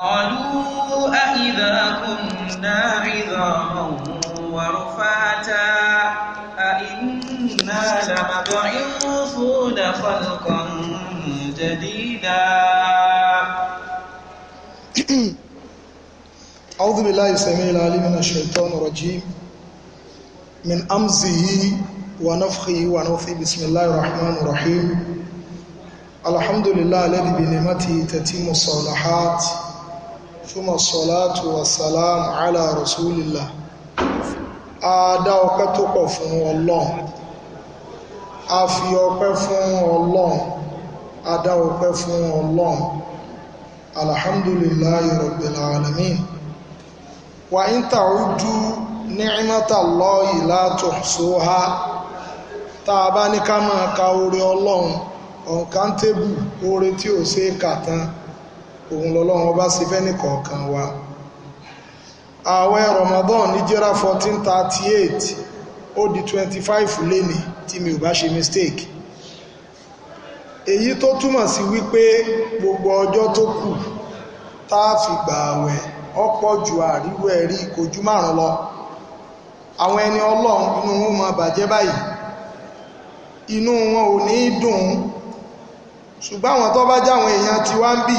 قالوا أإذا كنا عظاما ورفاتا أإنا لمبعوثون خلقا جديدا أعوذ بالله السميع العليم من الشيطان الرجيم من أمزه ونفخه ونفخه بسم الله الرحمن الرحيم الحمد لله الذي بنعمته تتم الصالحات ثم الصلاة والسلام على رسول الله àádá ọpẹ́ tó pọ̀ fún ọlọ́run a fi ọpẹ́ fún ọlọ́run àdá ọpẹ́ fún ọlọ́run alhamdulillahi rabbil alamin wa in ta'uddu ni'matallahi la tuhsuha tá a bá ní ká máa ka oore ọlọ́run uncountable oore tí ò ṣe é kà tán òun lọ́lọ́run ọba ṣe fẹ́ nìkọ̀ọ̀kan wa ààwẹ̀ Ramadan níjẹ́ra 1438 ó di 25 léni tí mi ò bá ṣe mistake èyí tó túmọ̀ sí wípé gbogbo ọjọ́ tó kù tá a fi gbà ààwẹ̀ ọ̀pọ̀ ju àríwẹ̀ rí ìkojú márùn lọ àwọn ẹni ọlọ́run inú wọn máa bàjẹ́ báyìí inú wọn ò ní dùn ṣùgbọ́n àwọn tó bá jáwọn èèyàn ti wá ń bì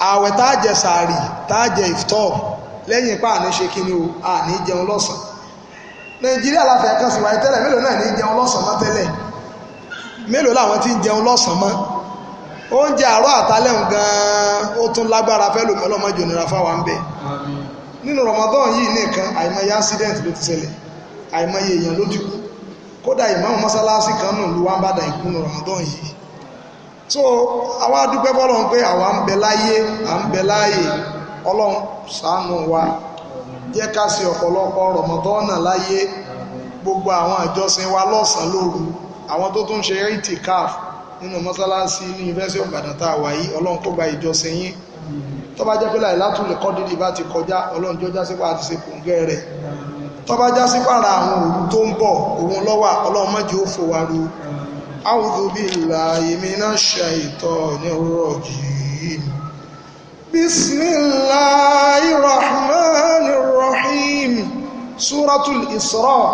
aweta tá a jẹ sàárì tá ìfitọ́ lẹ́yìn ipá àní ṣe kí ni o àní jẹun lọ́sàn nàìjíríà la kan sí wáyé tẹ́lẹ̀ mélòó náà ní jẹun lọ́sàn mọ́ tẹ́lẹ̀ mélòó làwọn ti ń jẹun lọ́sàn mọ́ oúnjẹ àárọ̀ àtàlẹ́hùn gan-an ó tún lágbára fẹ́ lòmí ọlọ́mọjò nira ń bẹ̀ accident ló ti ṣẹlẹ̀ àìmọye èèyàn kan wá ń bàdàn ìkúnnù so àwa dúpẹ́ fọ́lọ́run pé àwa ń bẹ láyé à ń bẹ láàyè ọlọ́run ṣàánú wa jẹ́ ká ṣe ọ̀pọ̀lọpọ̀ rọ̀mọ́tọ́nà láyé gbogbo àwọn àjọsìn wa lọ́sàn-án lóru àwọn tó tún ṣe itikaf nínú mọ́sálásí ní university of Ìbàdàn tá a wà yìí ọlọ́run kó gba ìjọsìn yín tó bá jẹ́ pé láì látúlẹ̀ kọ́dídì bá ti kọjá ọlọ́run jọ já sípò àti ṣekùngẹ́ rẹ̀ tó bá já sípò ara àwọn òru tó ń bọ̀ òun lọ́wà ọlọ́run mọ́jì ó fò wá ru أعوذ بالله من الشيطان الرجيم بسم الله الرحمن الرحيم سورة الإسراء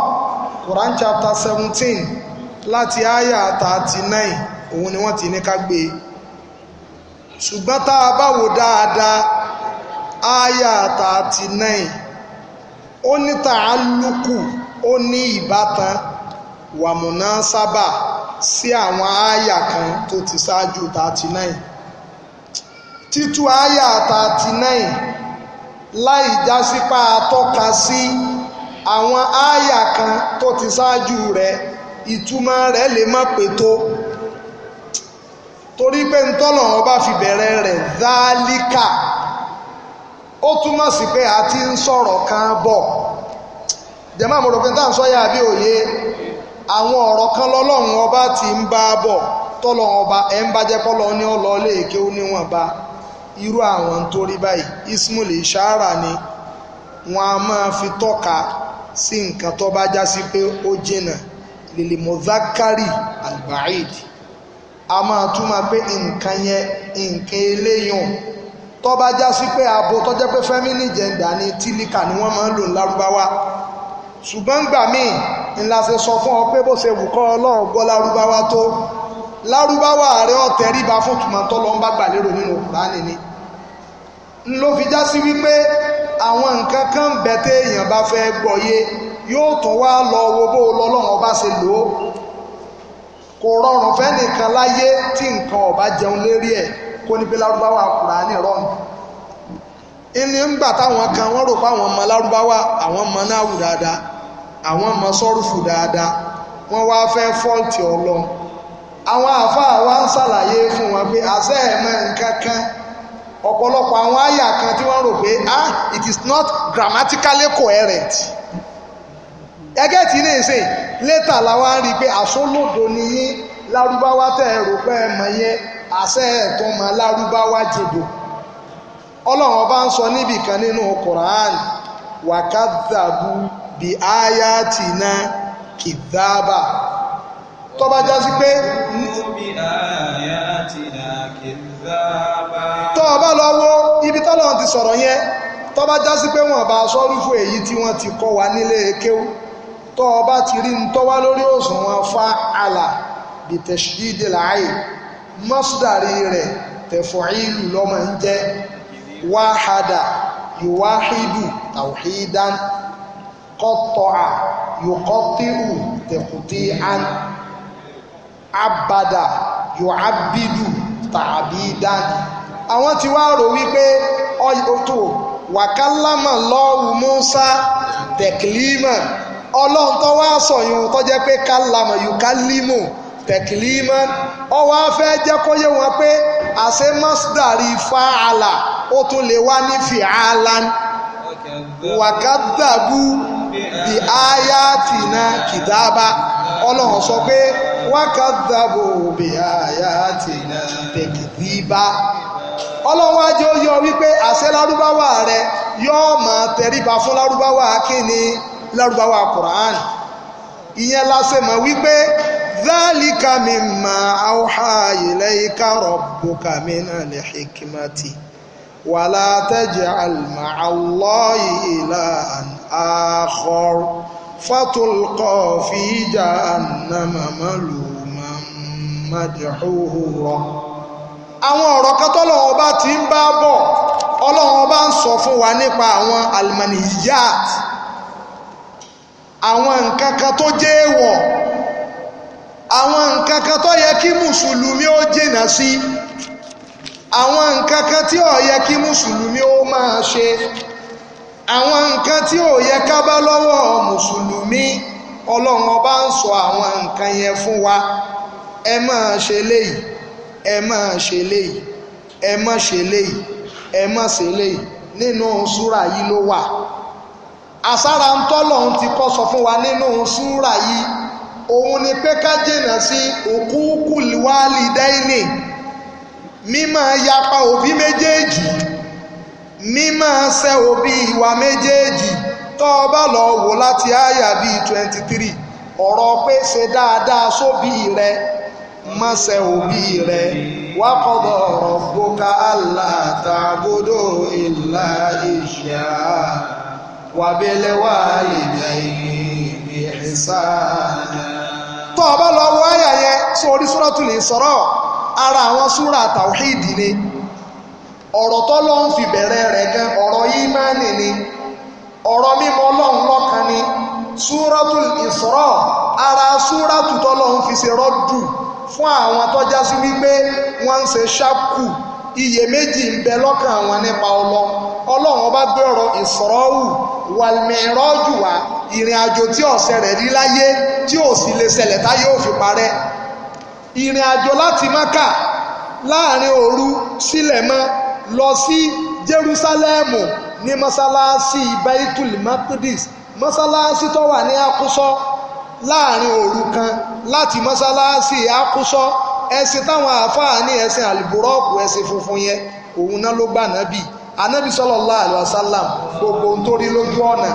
Quran chapter 17 láti àyà 39 òun ni wọ́n ti ní ká gbé ṣùgbọ́n tá a bá wò dáadáa àyà 39 ó ní tàálùkù ó ní ìbátan wàmúná sábà sí àwọn àyà kan tó ti ṣáájú thirty nine títú àyà thirty nine láì jásípá atọ́ka sí àwọn àyà kan tó ti ṣáájú rẹ̀ ìtumọ̀ rẹ̀ lè má pé tó torí pé ntọ́lọ̀ ọba fi bẹ̀rẹ̀ rẹ̀ dálíkà ó túmọ̀ sí pé a ti ń sọ̀rọ̀ kan bọ̀ jẹ́mọ́ àmọ̀rọ̀ pé táà ń sọ́yà àbí òye àwọn ọ̀rọ̀ kan lọ́lọ́run ọba ti ń bá bọ̀ tọ́lọ́run ọba ẹ̀ ń bàjẹ́ pọ́lọ́ ní ọlọ́ léèké ó níwọ̀nba irú àwọn tó rí báyìí ismul ishara ni wọn a máa fi tọ́ka sí nǹkan tó bá já sí pé ó jìnà a máa túmọ̀ pé nǹkan yẹn nǹkan eléyàn tó bá já sí pé abo ni tílíkà ni wọ́n máa ń ṣùgbọ́n gbà míì ńlá ṣe sọ fún ọ pé bó ṣe wù kọ́ ọlọ́run gbọ́ lárúbáwá tó lárúbáwá rẹ ọ̀tẹ̀ ríba fún tùmọ̀tọ́ lọ́n bá gbà lérò nínú kùránì ni ló fi já sí wípé àwọn nǹkan kan bẹ téèyàn bá fẹ́ gbọ́yé yóò tún wá lọ wo bó lọ́lọ́run ọba ṣe lò ó kò rọrùn fẹ́nìkan láyé tí nǹkan ọba jẹun lérí ẹ̀ kó ní lárúbáwá kùránì rọrùn ìní ń gbà táwọn kan wọ́n rò pé àwọn ọmọ lárúbáwá àwọn ọmọ náà wù dáadáa àwọn ọmọ dáadáa wọ́n wá fẹ́ fọ́ọ̀tì ọlọ́run àwọn àfáà wa ń ṣàlàyé fún wọn pé àṣẹ ẹ̀mọ ọ̀pọ̀lọpọ̀ àwọn àyà kan tí wọ́n rò pé ah it is not grammatically coherent ẹgẹ́ tí ilé ìsìn létà làwọn á rí i pé àsólòdò ni yín lárúbáwá tẹ̀ ẹ̀ rò pé yẹn lárúbáwá bí àyà tì ná kìdáàbà tó bá jásí pé tó o bá lọ wo ibi tọ́lọ́run ti sọ̀rọ̀ yẹn tó bá jásí pé wọ́n bá sọ́rú fún èyí ti kọ́ wa nílé kéwú tó o bá ti rí ń tọ́wá lórí òṣùwọ̀n fa àlà bí tẹ̀sídìí láàyè mọ́sídàrí rẹ̀ tẹ̀fọ̀ìlù lọ́mọ ń jẹ́ wáhádà ìwáhídù kọ́tọ̀à yòkọ́tíhù tẹ̀kùtì án abàdà yòábìdù tàbí dáàdì àwọn tí wàá rò wípé otu wàkálàmà lọ́ọ̀rù Mùsá tẹ̀kìlímà ọlọ́run tó wá sọ̀yún tó jẹ́ pé kálàmà yòkálímù tẹ̀kìlímà ọ wá fẹ́ jẹ́ kó yé wọn pé àṣẹ mọ́sídàrí fáàlà ó tún lè wá ní fìhálà wàkádàbù. bí aya tì na kìdába ọlọ́run sọ pé wákàtàbò bí aya tì na tẹ̀kìdíba ọlọ́run á jẹ́ oyọ wípé àṣẹ lárúbáwá rẹ yóò máa tẹríba fún lárúbáwá kíni lárúbáwá Quran ìyẹn lásẹ̀ mọ̀ wípé dhalika mimma awha ilayka rabbuka minal hikmati wàlá taj'al ma'a Allahi ilahan آخر فتلقى في جهنم ملوما مدحورا àwọn ọ̀rọ̀ kan tọ́lọ̀ ọba ti ń bá bọ̀ ọlọ́run ọba ń sọ fún wa nípa àwọn almaniyat àwọn nǹkan kan tó jẹ́ èèwọ̀ àwọn nǹkan kan tó yẹ kí mùsùlùmí ó jìnà sí àwọn nǹkan kan tí ó yẹ kí mùsùlùmí ó máa ṣe àwọn nǹkan tí ò yẹ ká bá lọ́wọ́ mùsùlùmí ọlọ́run ọba ń sọ àwọn nǹkan yẹn fún wa ẹ máa ṣe léyìí ẹ máa ṣe léyìí ẹ má ṣe léyìí ẹ má ṣe léyìí nínú yìí ló wà àsára ń tọ́lọ̀ ń ti kọ́ sọ fún wa nínú súrà yìí òun ni pé ká jìnnà sí mímọ́ ṣẹ́ òbí ìwà méjèèjì tó o bá lọ wò láti àyà bíi twenty three ọ̀rọ̀ pé ṣe dáadáa sóbí rẹ má ṣẹ́ òbí rẹ wá kọ́dọ̀ ọ̀rọ̀ gbóka aláàtàgbódò ìlà ìṣà wàbẹ́lẹ́wà ìdá ìgbìmí ìsáàdà. tó o bá lọ wò àyà yẹn sórí súrọ́tù lè sọ̀rọ̀ ara àwọn súrà tàwíìdì ni ọ̀rọ̀ tọ́lọ́ ń fi bẹ̀rẹ̀ rẹ̀ gan ọ̀rọ̀ ìmánì ni ọ̀rọ̀ mímọ́ ọlọ́run lọ́kan ni súrọ́tù ìsọ́rọ̀ ara súrọ́tù tọ́lọ́ ń fi ṣe rọ́dù fún àwọn tọ́já sí wípé wọ́n ń ṣe ṣákù iyèméjì ń bẹ lọ́kàn àwọn nípa ọlọ ọlọ́run ọba gbé ọ̀rọ̀ ìsọ̀rọ̀wù wàlmẹ̀rọ́jù wá ìrìn àjò tí ọ̀sẹ̀ rẹ̀ rí láyé tí ò sì lè ṣẹlẹ̀ táyé ò fi parẹ́ ìrìn àjò láti Mákà láàrin òru sílẹ̀ mọ́ lọ sí jerusalemu ní masalasi Baitul Maqdis masalasi tó wà ní akúsọ́ láàrin òru kan láti mọ́sálásí akúsọ́ ẹ̀sìn táwọn àáfàá ní ẹ̀sìn àlùbúrọ́ọ̀kù ẹ̀sìn funfun yẹn òun náà ló gbà nábì anabi sallallahu alaihi wasallam gbogbo ń lójú ọ̀nà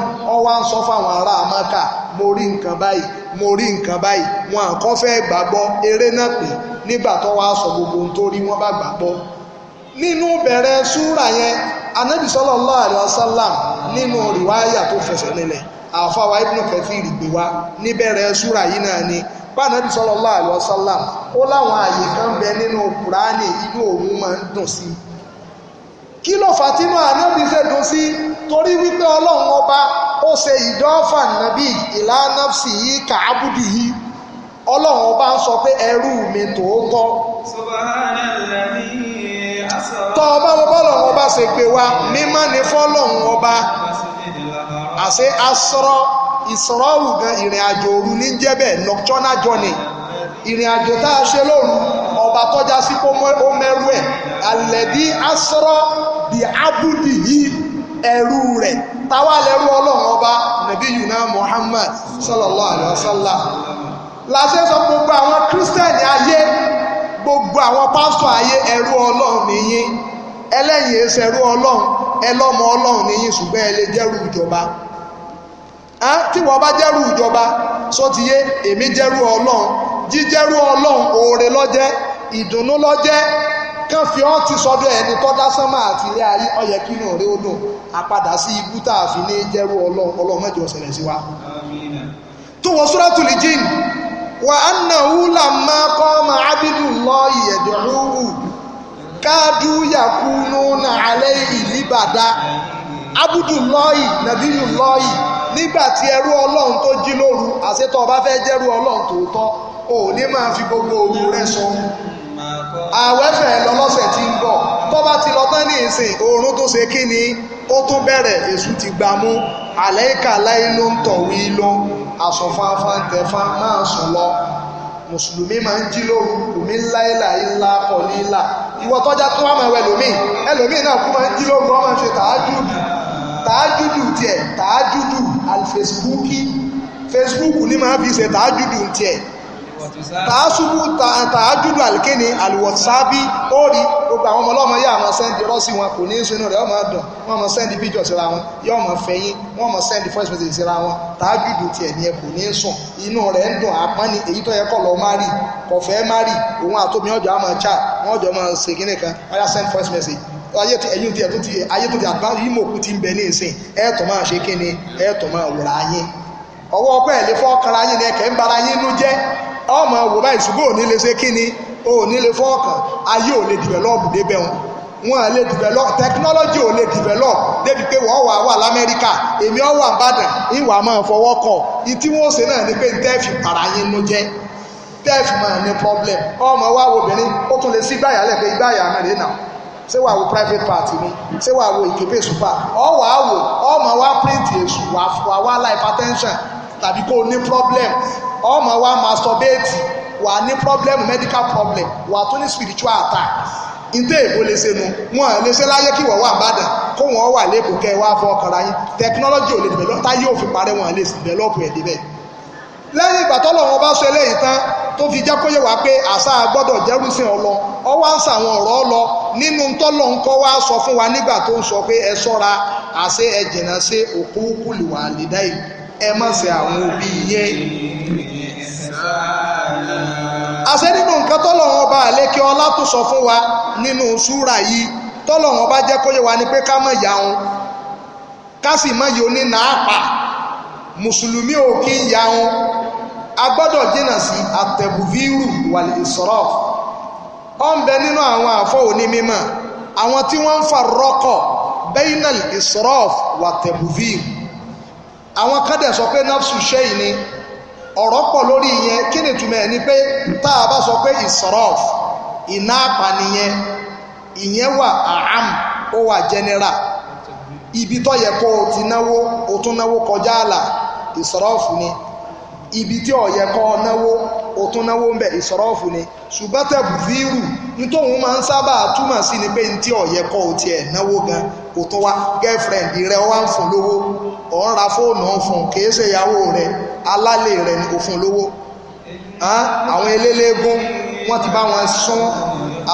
sọ fáwọn amaka mo rí nǹkan báyìí mo rí nǹkan báyìí wọn wọn bá nínú bẹ̀rẹ̀ súrà yẹn anabi sallallahu alaihi nínú rìwáyà tó fẹsẹ̀ nílẹ̀ àfáwà ibùdó kẹfì ìrìgbè wa níbẹ̀rẹ̀ yìí náà ni bánàbí sallallahu ó láwọn àyè kan bẹ nínú kùránì inú òun máa ń dùn sí kí ló fà tínú ànábì dùn sí torí wípé ọlọ́run ọba ó ṣe ìdọ́fà nàbí ìlà yìí yìí ọba sọ pé ẹrú mi tòótọ́. tọ́ ọba wo bọ́ọ̀lù ọ̀hún ọba ṣe gbé wa mímọ́ ni fọ́lọ́hún ọba àṣẹ asọ́rọ́ ìsọ̀rọ̀wù gan ìrìn àjò òru ní jẹ́bẹ̀ nocturnal journey ìrìn àjò tá a ṣe lóru ọba tọ́já sí kó mẹ́rú ẹ̀ àlẹ́dí asọ́rọ́ bí abúdì yìí ẹ̀rú rẹ̀ táwa lẹ́rú ọlọ́run ọba nàbí yuna Muhammad sallallahu alayhi wa sallam làṣẹ sọ gbogbo àwọn kírísítẹ́nì ayé gbogbo àwọn pásítọ̀ ayé ẹrú ọlọ́run nìyí ẹlẹ́yìn ẹsẹ̀ ẹrú ọlọ́run ẹlọ́mọ ọlọ́run nìyí ṣùgbọ́n ẹ lè jẹ́rù ìjọba tí wọ́n bá jẹ́rù ìjọba só ti yé èmi jẹ́rù ọlọ́run jíjẹ́rú ọlọ́run oore lọ́jẹ́ ìdùnnú lọ́jẹ́ kán fi ọ́ ti sọ́dọ̀ ẹni tó dá sánmà àti ilé ayé ọyẹ kí inú rẹ ó dùn àpadà sí ibú tá a fi ní jẹ́rú ọlọ́run ọlọ́run mẹ́jọ ṣẹlẹ̀ sí wa. tó wọ súrátùlì jíìnì wa á nà húlà má kọ́ ma ábídù lọ ìyẹ̀dọ̀rúhù káàdù yàkú núnà alẹ́ nígbà tí ẹrú ọlọ́run tó jí lóru àṣetọ́ ọba fẹ́ jẹ́rú ọlọ́run tòótọ́ ò fi gbogbo òru rẹ sọ àwẹ́fẹ̀ lọ lọ́sẹ̀ ń bọ̀ tó bá ti lọ tán ní ti gbà mú àlẹ́ inú ń aṣọ fáfá tẹ̀fá máa sùn lọ mùsùlùmí máa ń jí lóru omi ńlá ìlà pọ̀ ní ìwọ tọ́já tó wà máa wẹ lómìn ẹlòmíì náà kú máa ń jí lóru ọmọ ṣe tàájúdù tàájúdù tiẹ̀ tàájúdù alifesibúùkì fesibúùkù ní máa fi ṣe tàájúdù tiẹ̀ tààṣubú tààjúdù àlìkíni àlùwọ̀sábí ó rí gbogbo àwọn ọmọ ọlọ́mọ yóò máa sẹ́ndì rọ́ọ̀sì wọn kò ní í sinú rẹ̀ yóò máa dùn wọ́n máa sẹ́ndì píjọ síra wọn yóò máa fẹ̀yìn wọ́n máa sẹ́ndì voice message síra wọn tààjúdù tiẹ̀ ní ẹ kò ní í sùn inú rẹ̀ ń dùn àpọ́n ni èyí tó yẹ kọ́ lọ́ọ́ má rí kò fẹ́ má rí òun àtòmí ọjọ́ àmọ́ chat wọ́n jọ máa ṣe kíní kan wọ́n yá send voice message ayé tí ẹ̀yìn tí ẹ̀ tó ti ayé tó ti àbáyé yìí mòkú ti ń bẹ ní ìsìn ẹ̀ẹ́tọ̀ máa ṣe kí ni ẹ̀ẹ́tọ̀ máa wòrà yín ọwọ́ ọpẹ́ ẹ̀lẹ́ fọ́ kanra yín ni ẹ̀kẹ́ ń bara yín nú jẹ́ ọmọ wò báyìí ṣùgbọ́n ò ní lè ṣe kíni ò ní lè fọ́ọ̀kàn ayé ò lè dìbẹ̀lọ́ọ̀bù débẹ̀ wọn wọn lè develop technology ò lè develop débi pé wọ́n wà wà l'Amẹ́ríkà èmi ọ̀ wà Ìbàdàn ìwà máa fọwọ́ kọ̀ ìtí wọ́n ṣe náà ni pé tẹ́ẹ̀fì para yín ló jẹ́ tẹ́ẹ̀fì máa ní problem ọmọ wa wo obìnrin ó tún lè sí gbàyà lẹ́gbẹ̀ẹ́ ìgbàyà mẹ́rin náà ṣé wàá wo private party mi ṣé wàá wo ìkébé super ọ wàá wo ọmọ wa print èṣù wàá wà life attention tàbí kó o ní problem ọmọ wa masturbate wà ní problem medical problem wà tó ní spiritual attack ntẹ èbó lè ṣe nu wọn lè ṣe láyé kí wọn wà bàdàn kó wọn wà lẹkọọ kẹ wá fọ ọkàn ráyìn technology ò lè dìbẹ lọta yóò fi parẹ́ wọn lè develop ẹ débẹ̀. lẹ́yìn ìgbà tọ́lọ̀ wọn bá sọ eléyìí tán tó fi jẹ́ kóyè wá pé àṣà gbọ́dọ̀ jẹ́rùsìn ọlọ ọwọ́ ń sàwọn ọ̀rọ̀ ọlọ nínú tọ́lọ̀ ń kọ́ wá sọ fún wa nígbà tó ń sọ pé ẹ sọ́ra àṣẹ ẹ jìnnà sí òkú kùlùwà lè dá yìí ẹ má ṣe àwọn òbí yẹn. àṣẹ nínú nǹkan tọ́lọ́wọ́n ọba àlékè ọlá tó sọ fún wa nínú súrà yìí tọ́lọ́wọ́n ọba jẹ́ kóyè wa ni pé ká mọ̀ yà wọn ká sì mọ̀ yìí oní nàápà mùsùlùmí ò kí ń yà wọn a gbọ́dọ̀ jìnnà sí àtẹ̀bùvírù wàlẹ̀ ìsọ̀rọ̀ ó ń bẹ nínú àwọn àfọ òní mímọ́ àwọn tí wọ́n ń fa rọ́kọ̀ wàtẹ̀bùvírù àwọn kan dẹ̀ sọ pé nafsu ni ọ̀rọ̀ pọ̀ lórí ìyẹn kí ni túmọ̀ ẹ̀ ni pé tá a bá sọ pé ìsọ̀rọ̀f iná ìyẹn wà ibi ti náwó o tún kọjá àlà ìsọ̀rọ̀f ni ibi tí ó yẹ kó o náwó o tún ni ṣùgbọ́n tẹ̀bù fíìrù nítòhun máa ń sábà túmọ̀ sí ni pé ní tí yẹ kó o ọ̀ ń ra fóònù fún kìí ṣe ìyàwó rẹ̀ alálè rẹ̀ ní òfin lówó àwọn eléléégún wọ́n ti bá wọn sún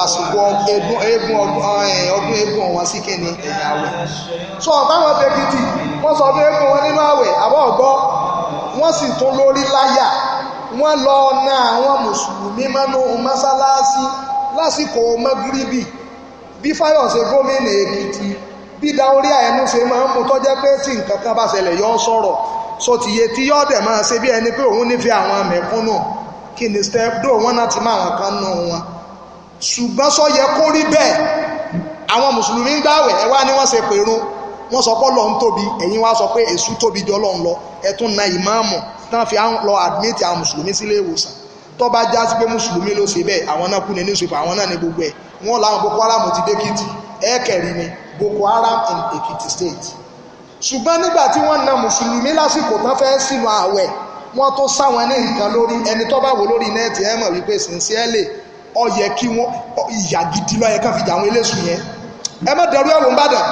àsìkò eégún ọdún eégún wọn sí kíni ẹ̀yà rẹ̀ so ọ̀táwọn pẹ̀kìtì wọ́n sọ fún eégún wọn nínú àwẹ̀ àbọ̀ ọ̀gbọ́ wọ́n sì tún lórí láyà wọ́n lọ na àwọn mùsùlùmí mọ́nú mọ́sálásí lásìkò mọ́gíríbì bí Fáyọ̀ṣe gómìnà Èkìtì bí orí àyẹnú se máa ń mú tó jẹ́ pé tí nǹkan kan bá ṣẹlẹ̀ yọ so ti yé tí yọ́ dẹ̀ máa ṣe bí ẹni pé òun nífẹ́ àwọn mẹ̀kúnnù kí ni step do wọn náà ti máa wọn kan nù wọn ṣùgbọ́n sọ yẹ kó rí bẹ́ẹ̀ àwọn mùsùlùmí ń ẹ wá ní wọ́n ṣe wọ́n sọ tóbi jọ lọ ẹ tún na ìmáàmù tán fi lọ admit àwọn mùsùlùmí sílé ìwòsàn tó bá já sí pé mùsùlùmí ló ṣe bẹ́ẹ̀ àwọn náà kú ní àwọn náà ní gbogbo ẹ̀ wọ́n Boko Haram ti dé kìtì ẹ̀ẹ́kẹ̀rin Boko Haram in Ekiti State ṣùgbọ́n nígbà tí wọ́n na mùsùlùmí lásìkò tán fẹ́ sínú ààwẹ̀ wọ́n tó sáwọn ní nǹkan lórí ẹni tó bá wò lórí nẹ́ẹ̀tì ẹ̀ mọ̀ wípé sincerely ó yẹ kí wọ́n ìyà gidi ló yẹ ká fi jà àwọn eléṣù yẹn ẹ má dẹrú ẹ̀wò nìbàdàn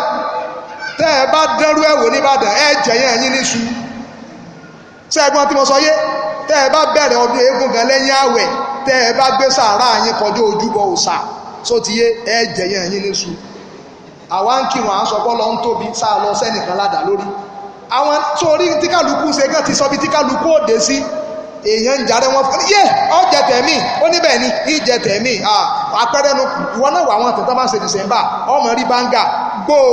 tẹ́ ẹ bá dẹrú ẹ̀wò nìbàdàn ẹ jẹ̀yìn ẹ̀yìn níṣu ṣé ẹ gbọ́ tí mo sọ yé tẹ́ ẹ bá bẹ̀rẹ̀ ọdún eégún gan lẹ́yìn ààwẹ̀ tẹ́ ẹ bá gbé sàárà yín kọjá ojúbọ òòṣà sótìyé ẹ jẹ̀yìn ẹ̀yìn níṣu àwa ń kírun à ń sọ bọ́ọ̀lù ń tóbi sá lọ sẹ́nìkan ládàá lórí àwọn torí tí kálukú ṣe kàn ti sọ bí tí kálukú òde sí èèyàn ń jarẹ́ wọn fún yé ọ jẹ tẹ̀mí ó níbẹ̀ ni ìjẹ tẹ̀mí àpẹẹrẹ nu ìwọ náà wà àwọn tẹ̀tẹ̀ máa ń ṣe dìsẹ́mbà ọmọ rí báńgà gbòò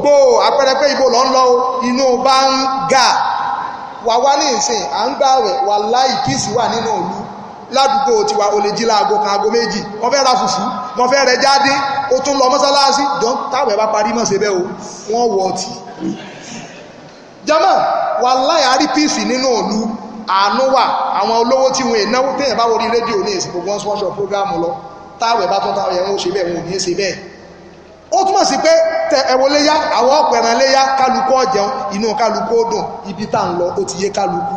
gbòò àpẹẹrẹ pé ibo lọ ń lọ inú báńgà wà wá ní ìsìn à ń gbààwẹ̀ wà láì kíìsì wà nínú òlu ládùúgbò tiwa o lè jí láago kan aago méjì wọ́n fẹ́ ra fùfú wọ́n fẹ́ rẹ jáde o tún lọ mọ́sálásí dán táwọn ẹ̀ bá parí mọ̀ síbẹ̀ o wọ́n wọ ọtí. jama wàláyà rí píìsì nínú òlu àánú wà àwọn olówó tí wọn ènáwó téèyàn bá wọlé rédíò ní èsì gbogbo sponsor program lọ táwọn ẹ̀ bá tún táwọn ẹ̀ wọ́n ṣe bẹ́ẹ̀ wọn ò ní ṣe bẹ́ẹ̀ ó túmọ̀ sí pé ẹ̀wọ̀ léyà àwọn ọ̀pẹ̀rẹ̀ léyà kálukú ọ̀jẹun inú kálukú ó dùn ibi tá à ń lọ ó ti yé kálukú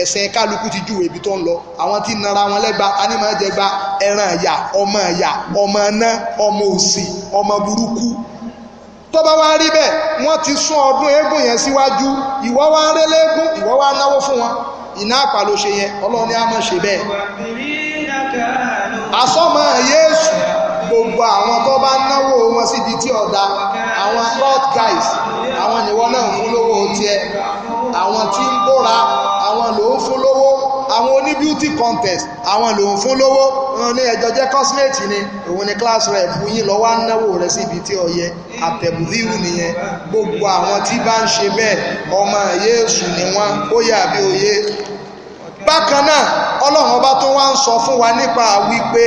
ẹ̀sẹ̀ kálukú ti júwèé ibi tó ń lọ àwọn tí nara wọn lẹ́gba anímọ̀jẹgba ẹran ẹ̀yà ọmọ ẹ̀yà ọmọ ẹ̀ná ọmọ òsì ọmọ burúkú tó bá wá rí bẹ́ẹ̀ wọ́n ti sún ọdún eégún yẹn síwájú ìwọ́ wá ń rélé eégún ìwọ́ wá náwó fún wọn iná àpà yẹn ọlọ́run ní àmọ́ ṣe bẹ́ẹ̀ asọ́mọ̀ yéésù gbogbo àwọn tó bá náwó wọn síbi tí ọ̀dà àwọn lord guys àwọn ìwọ náà fún lówó tiẹ̀ àwọn tí ń bóra àwọn oní beauty contest àwọn lòun fún lówó wọn ní ẹjọ́ jẹ́ cosmate ni òun ni class rep yín lọ́wọ́ á náwó rẹ̀ síbi tí ó yẹ àtẹ̀bùdíwù nìyẹn gbogbo àwọn tí bá ń ṣe bẹ́ẹ̀ ọmọ yéésù ni wọ́n ó yà bí òye bákan náà ọlọ́run ọba tó wá ń sọ fún wa nípa wípé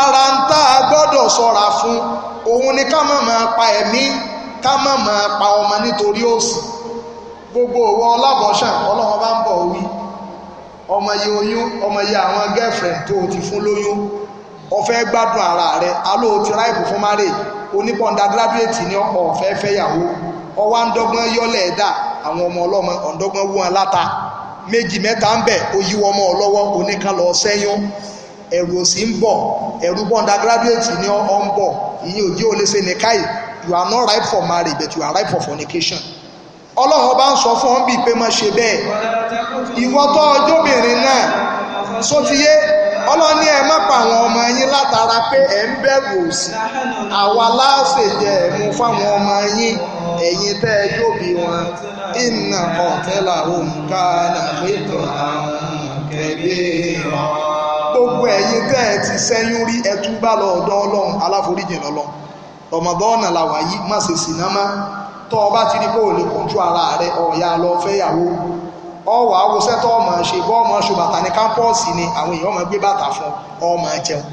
ara ń tá a gbọ́dọ̀ sọ̀ra fún òun ni ká má máa pa ẹ̀mí ká má máa pa ọmọ nítorí òṣì gbogbo òwò ọlábọ̀ṣàn ọlọ́run bá ń bọ̀ wí ọmọ yẹ oyún ọmọ yẹ àwọn girlfriend tó o ti fún lóyún o fẹ́ gbádùn ara rẹ aló o ti ráìpù fún marriage onípọ̀ndà graduate ní ọ̀pọ̀ ọ̀fẹ́ fẹ́yàwó ọwá ń dọ́gbọ́n yọ́lẹ̀ ẹ̀dá àwọn ọmọ ọlọ́mọ ọ̀ndọ́gbọ́n wú wọn láta méjì mẹ́ta ń bẹ̀ ó yíwọ́ ọmọ ọlọ́wọ́ oníkàlọ́ sẹ́yún ẹ̀rù òsì ń bọ̀ ẹ̀rù bọ̀ǹdà graduate ní ọ̀ ń bọ̀ ìyẹn òjì ò lè ṣe nìkáyì you are not ripe for marriage but you are ripe for fornication ọlọ́run bá ń sọ fún ọ́n bíi pé má ṣe bẹ́ẹ̀ ìwọ tó ọjọ́bìnrin náà sótìyé ọlọ́ni ẹ má pa àwọn ọmọ yín látara pé ẹ ń bẹ̀rù òsì àwa láṣèjẹ ẹ̀mú fáwọn ọmọ yín ẹ̀yin tẹ́ ẹ jóbi wọn ìnà ọ̀tẹ́là òǹkà nàgbẹ́tọ̀ àwọn kẹ̀lé wọn. gbogbo ẹ̀yin tẹ́ ẹ ti sẹ́yún rí ẹtú bá lọ ọ̀dọ̀ ọlọ́run aláforíjìn lọ́lọ́ ọmọdé ọ̀nà làwáyí má ṣe sì tọ ọba bá ti rí kó o lè kúnjú ara rẹ ọ̀ọ́yà lọ fẹ́yàwó ọwọ́ awosẹ́ ọmọ ṣe bọ́ ọmọ bàtà ní ni àwọn èèyàn máa gbé bàtà fún ọmọ jẹun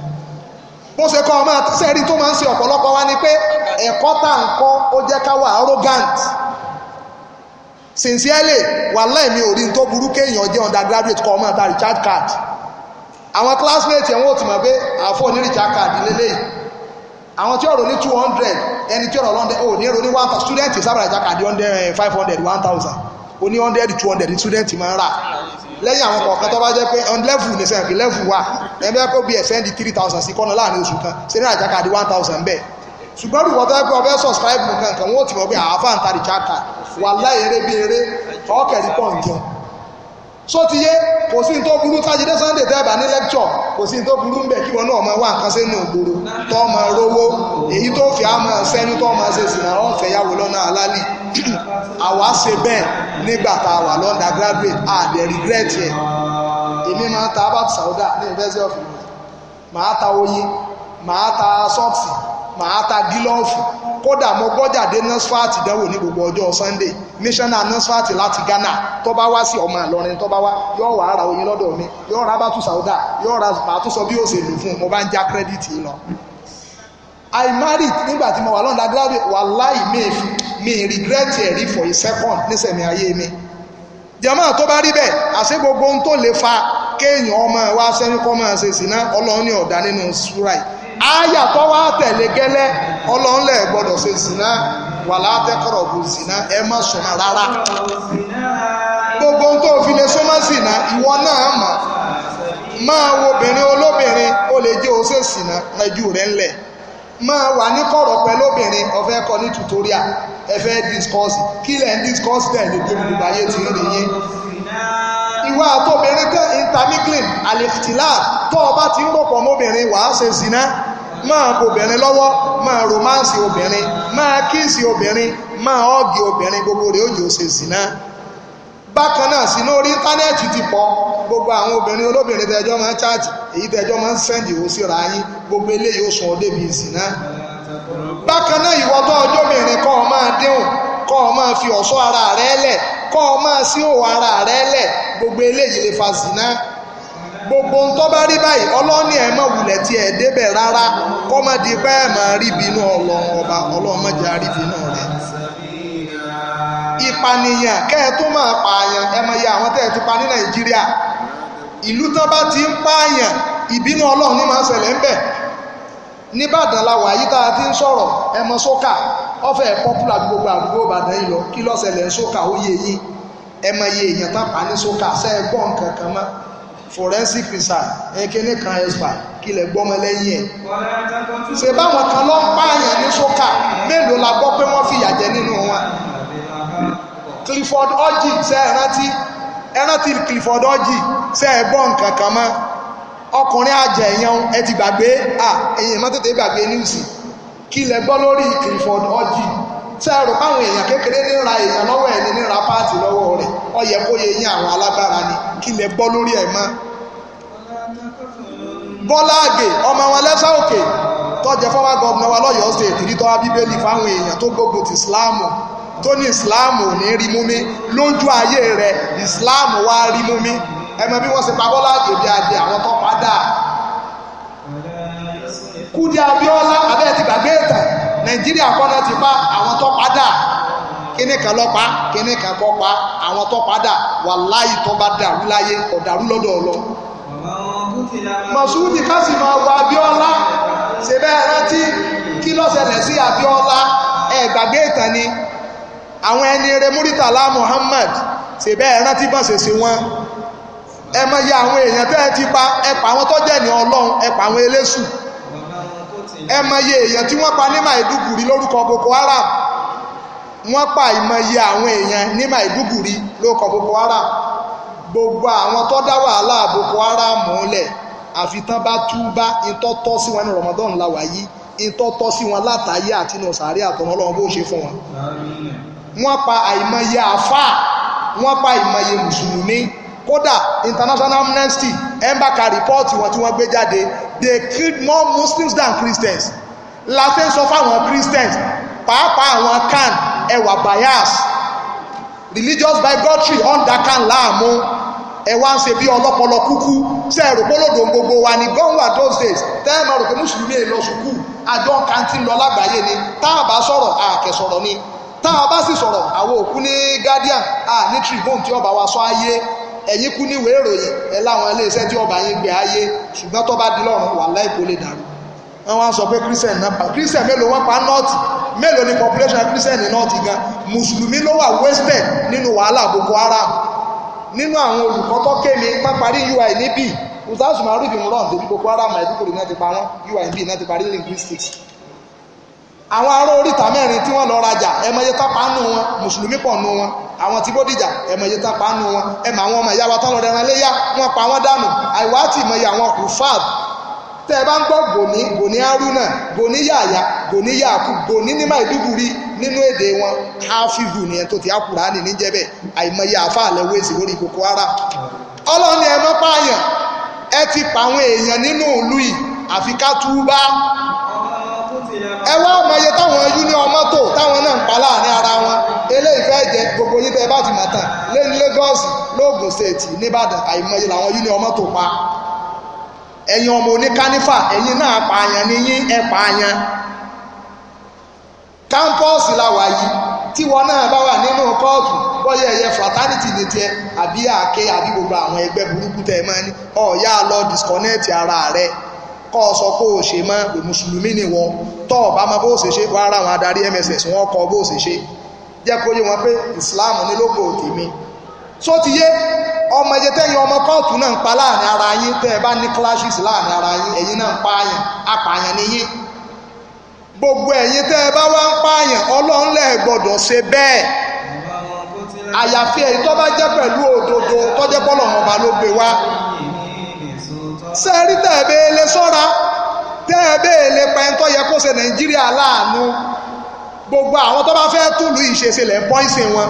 bó ṣe kọ́ ọmọ àtisẹ́rí tó máa ń ṣe ọ̀pọ̀lọpọ̀ wá ni pé ẹ̀kọ́ tá à jẹ́ ká wà arrogant sincerely tó burú kéèyàn kọ́ ọmọ card àwọn tí ọ̀rọ̀ ní two hundred ẹni tí ọ̀rọ̀ lọ́ndẹ̀ ò ní èrò ní one thousand student sábà ìjàkadì hundred eh, five hundred one thousand ó ní hundred two hundred student máa ń rà lẹ́yìn àwọn kọ̀ọ̀kan tó bá jẹ́ pé on level ní sẹ́yìn pé level wà ẹgbẹ́ kó bí ẹ̀sẹ̀ di three thousand sí kọ́nà láàrin oṣù kan ṣe ní àjàkadì one thousand bẹ́ẹ̀ ṣùgbọ́n olùkọ́ tó yẹ ọbẹ̀ subscribe nǹkan kan wọ́n ti mọ̀ pé àáfà ń ta the charter wà láì eré bí eré ọ̀kẹ́rì pọ̀ só ti yé kò sí tó burú tájídé sunday tẹ́ẹ̀bà ní lecture kò sí tó burú ńbẹ̀ kí wọn náà máa wá nǹkan sínú ògbòrò tó máa rówó èyí tó fi àmọ́ sẹ́nu tó máa ṣe sìnà ọ̀fẹ́ yàwó lọ́nà alálì àwa ṣe bẹ́ẹ̀ nígbà tá a wà graduate regret yẹn èmi máa ta abatu sauda ní university of Ilorin màá ta oyin màá ta sọ́ọ̀tì màá ta gílọ́ọ̀fù kódà mo gbọ́jàdé NASFAT dánwò ní gbogbo ọjọ́ Sunday national NASFAT láti Ghana tó bá wá sí ọmọ Ìlọrin tó bá wá yóò wá ara oyin lọ́dọ̀ mi yóò ra bá tún sàwọ́dà yóò ra màá tún sọ bí yóò ṣe lò fún un mo bá ń já kírẹ́dìtì lọ. nígbà tí mo wà lọ́nà mi regret ẹ̀rí Aya tó wá tẹ̀lé gẹ́lẹ́ ọlọ́nlẹ̀ gbọ́dọ̀ ṣe zina wà látẹ́kọ̀rọ̀ bù zina ẹ má sọ̀nà rárá gbogbo tó fi lè sọ́mọ́ zina ìwọ náà mọ̀ máa wo obìnrin olóbìnrin ó lè jẹ́ oṣù zina rẹjú rẹ̀ ńlẹ̀ máa wà ní kọ̀rọ̀ pẹ̀lú obìnrin ọ̀fẹ́ kọ ní tutorial ẹ fẹ́ discuss kí lẹ̀ ń discuss tẹ̀ lè débi gbogbo ayé ti rí nìyí ìwà àtọ́bìnrin kan intermingling àlèfìtìlá tó o ti ń rọ̀pọ̀ mọ́bìnrin wàá ṣe zina. máa bòbìnrin lọ́wọ́ máa románsì obìnrin máa kíìsì obìnrin máa obìnrin gbogbo rẹ̀ ṣe bákan náà sí íńtánẹ́ẹ̀tì gbogbo àwọn obìnrin olóbìnrin máa ń èyí máa ń sẹ́ndì gbogbo bákan náà ọjọ́ obìnrin kọ́ ọ máa fi ọ̀ṣọ́ ara rẹ lẹ̀ kọ́ ọ máa ara rẹ lẹ̀ gbogbo lè fa gbogbo ń tọ́ba rí báyìí ọlọ́ọ̀ni ẹ̀ wulẹ̀ tí ẹ̀ débẹ̀ rárá kọ́ má di ẹ̀ máa rí bínú ọba ọlọ́run má jẹ́ rẹ̀. ìpànìyàn kẹ́ tó máa pààyàn ẹ àwọn tẹ́ pa ní nàìjíríà ìlú tán ti ń pààyàn ìbínú ọlọ́run ní máa ń ṣẹlẹ̀ ń bẹ̀ ti ń sọ̀rọ̀ ẹ forensic research ẹ̀kíní kan expert kí lè gbọ́mọ lẹ́yìn ẹ̀ ṣe báwọn kan ló ń pààyàn ní sókà mélòó la gbọ́ pé wọ́n fìyà jẹ nínú wọn Clifford Orji ṣe ẹ rántí ẹ rántí Clifford Orji ṣe ẹ gbọ́ nǹkan kan mọ́ ọkùnrin àjẹyàn ẹ ti gbàgbé à èyàn má tètè gbàgbé níwùsì kí lè gbọ́ lórí Clifford Orji ṣe ẹ rò káwọn èèyàn kékeré ní ra èèyàn lọ́wọ́ ẹ̀ ní ra páàtì lọ́wọ́ rẹ̀ ó yẹ kó yẹ yín àwọn alágbára ni kí lẹ gbọ́ lórí ẹ̀ mọ́ Bọ́lá Àgè ọmọ wọn lẹ́sà òkè tọ́jẹ́ fọ́wá gọ́ọ̀nà wa lọ́yọ̀ọ́ state rí tọ́wá bíbélì fáwọn èèyàn tó gbógun ti Islam tó ní Islam ò ní rí mú mi lójú ayé rẹ̀ Islam wá rí mú mi ẹ mọ̀ bí wọ́n ṣe pa Bọ́lá bí adé àwọn tó padà Kúdí Abíọ́lá abẹ́ẹ̀ ti gbàgbé ìtàn Nàìjíríà kọ́nà ti pa àwọn tó padà kíní kan lọ́pa kíní kan kọ́ pa àwọn tó padà wàláhì tó bá dàrú láyé ọ̀dàrú lọ́dọ̀ ọlọ. mọ̀súdì ká sì máa wọ Abíọ́lá ṣe bẹ́ẹ̀ rántí kí ló ṣẹlẹ̀ sí Abíọ́lá ẹ̀ gbàgbé ìtàn ni àwọn ẹni rẹ Muritala Muhammad ṣe bẹ́ẹ̀ rántí bá ṣe ṣe wọ́n ẹ mọ iye àwọn èèyàn tẹ́ ẹ ti pa ẹ pa àwọn tó jẹ́ ní ọlọ́run ẹ pa àwọn eléṣù ẹ mọ iye èèyàn tí wọ́n pa ní Maiduguri lórúkọ Boko Haram wọ́n pa ìmọ̀ye àwọn èèyàn ní Maiduguri ló kọ Boko Haram gbogbo àwọn tó dá wàhálà Boko Haram múlẹ̀ àfitán bá túbá ìtọ́tọ́ sí wọn ní Ramadan la yìí ìtọ́tọ́ sí wọn látàyé àti inú sàárè àtọ̀nà Ọlọ́run bó ṣe fún wọn. wọ́n pa àìmọye àfáà wọ́n pa ìmọ̀ye mùsùlùmí kódà international amnesty embaka report wọn tí wọ́n gbé jáde they killed more Muslims than Christians la fẹ́ sọ fáwọn Christians pàápàá àwọn kan ẹ bias religious bigotry ọ̀ndàkà láàmú ẹ wá ń ṣe bí ọlọ́pọlọ kúkú ṣe ẹ̀rù gbólódò gbogbo wa ní gọ́nwà those days tẹ́ẹ̀mọ̀ rò pé mùsùlùmí è lọ sùkú àjọ kantin lọ lágbàáyé ni tá a bá sọ̀rọ̀ àkẹ́ sọ̀rọ̀ ni tá a bá sì sọ̀rọ̀ àwọn òkú ní guardian a ní tribune tí ọba wa sọ ayé ẹ̀yìn kú níwèé ìròyìn ẹ̀ láwọn iléeṣẹ́ tí ọba yín gbé ayé ṣùgbọ́n tó bá di lọ́rùn wà láì kó lè dàrú wọ́n wá sọ pé christian náà pa christian mélòó wọ́n pa north mélòó ni population christian ní north gan mùsùlùmí ló wà wasted nínú wàhálà boko haram nínú àwọn olùkọ́ tó kéde pápárí ui níbí usas maru ibi mìíràn débi boko haram àìdíkòrò náà ti pa wọ́n ui náà ti parí linguistics àwọn ará oríta mẹ́rin tí wọ́n lọ rajà ẹmọye tápá nù wọn mùsùlùmí pọ̀ nù wọn àwọn tí bódìjà ẹmọye tápá nù wọn ẹmọ àwọn ọmọ ìyá wa tán lọ rẹran léyà wọ́n pa wọ́n dànù àìwá àti ìmọye àwọn kùfáàbù tẹ́ ẹ bá ń gbọ́ gòní gòní haruna gòní yàyà gòní yàkú gòní ní Maiduguri nínú èdè wọn hafidu nìyẹn tó ti akurani níjẹ́bẹ̀ àìmọye àfàlẹ́ wéèsì lórí Boko Haram ọlọ́ni ẹ mọ́ pààyàn ẹ ti pa àwọn èèyàn nínú ìlú yìí àfi ká túbá ẹ wá ọmọye táwọn union mọ́tò táwọn náà ń pa láàrin ara wọn eléyìí fẹ́ jẹ gbogbo yín tẹ́ ẹ bá ti mọ̀ tán lẹ́nu Lagos l'Ògùn State n'Íbàdàn àìmọye làwọn union mọ́tò pa ẹ̀yin ọmọ oníkánífà ẹ̀yin náà pààyàn ní yín ẹ pààyàn kámpọ́ọ̀sì la wà yìí tí wọn náà bá wà nínú kóòtù bọ́yá ẹ̀yẹ fraternity ní tiẹ̀ àbí àké àbí gbogbo àwọn ẹgbẹ́ burúkú tẹ̀ máa ní ọ̀ọ́yá lọ disconnect ara rẹ̀ kọ́ ọ sọ pé ó ṣe mọ́ mùsùlùmí ni wọn tọ́ ọ̀bá máa bó ṣe ṣe wọ́n ara àwọn adarí MSS wọ́n kọ́ bó ṣe ṣe jẹ́ kó yé wọn pé Islam ní lóko tèmi tó ti yé ọmọ ẹ̀jẹ̀ tẹ́yìn ọmọ kóòtù náà ń pa láàrin ara yín ẹ bá ní clashes láàrin ara yín ẹ̀yin náà ń pa àyàn gbogbo ẹ̀yin tọ ẹ bá wá ń ọlọ ọlọ́run lẹ̀ gbọdọ ṣe bẹ́ẹ̀ àyàfi tó bá òdodo tó ọba ló gbé wá sẹ́ẹ̀rí lè sọ́ra ṣe nàìjíríà láàánú gbogbo àwọn tó bá fẹ́ wọn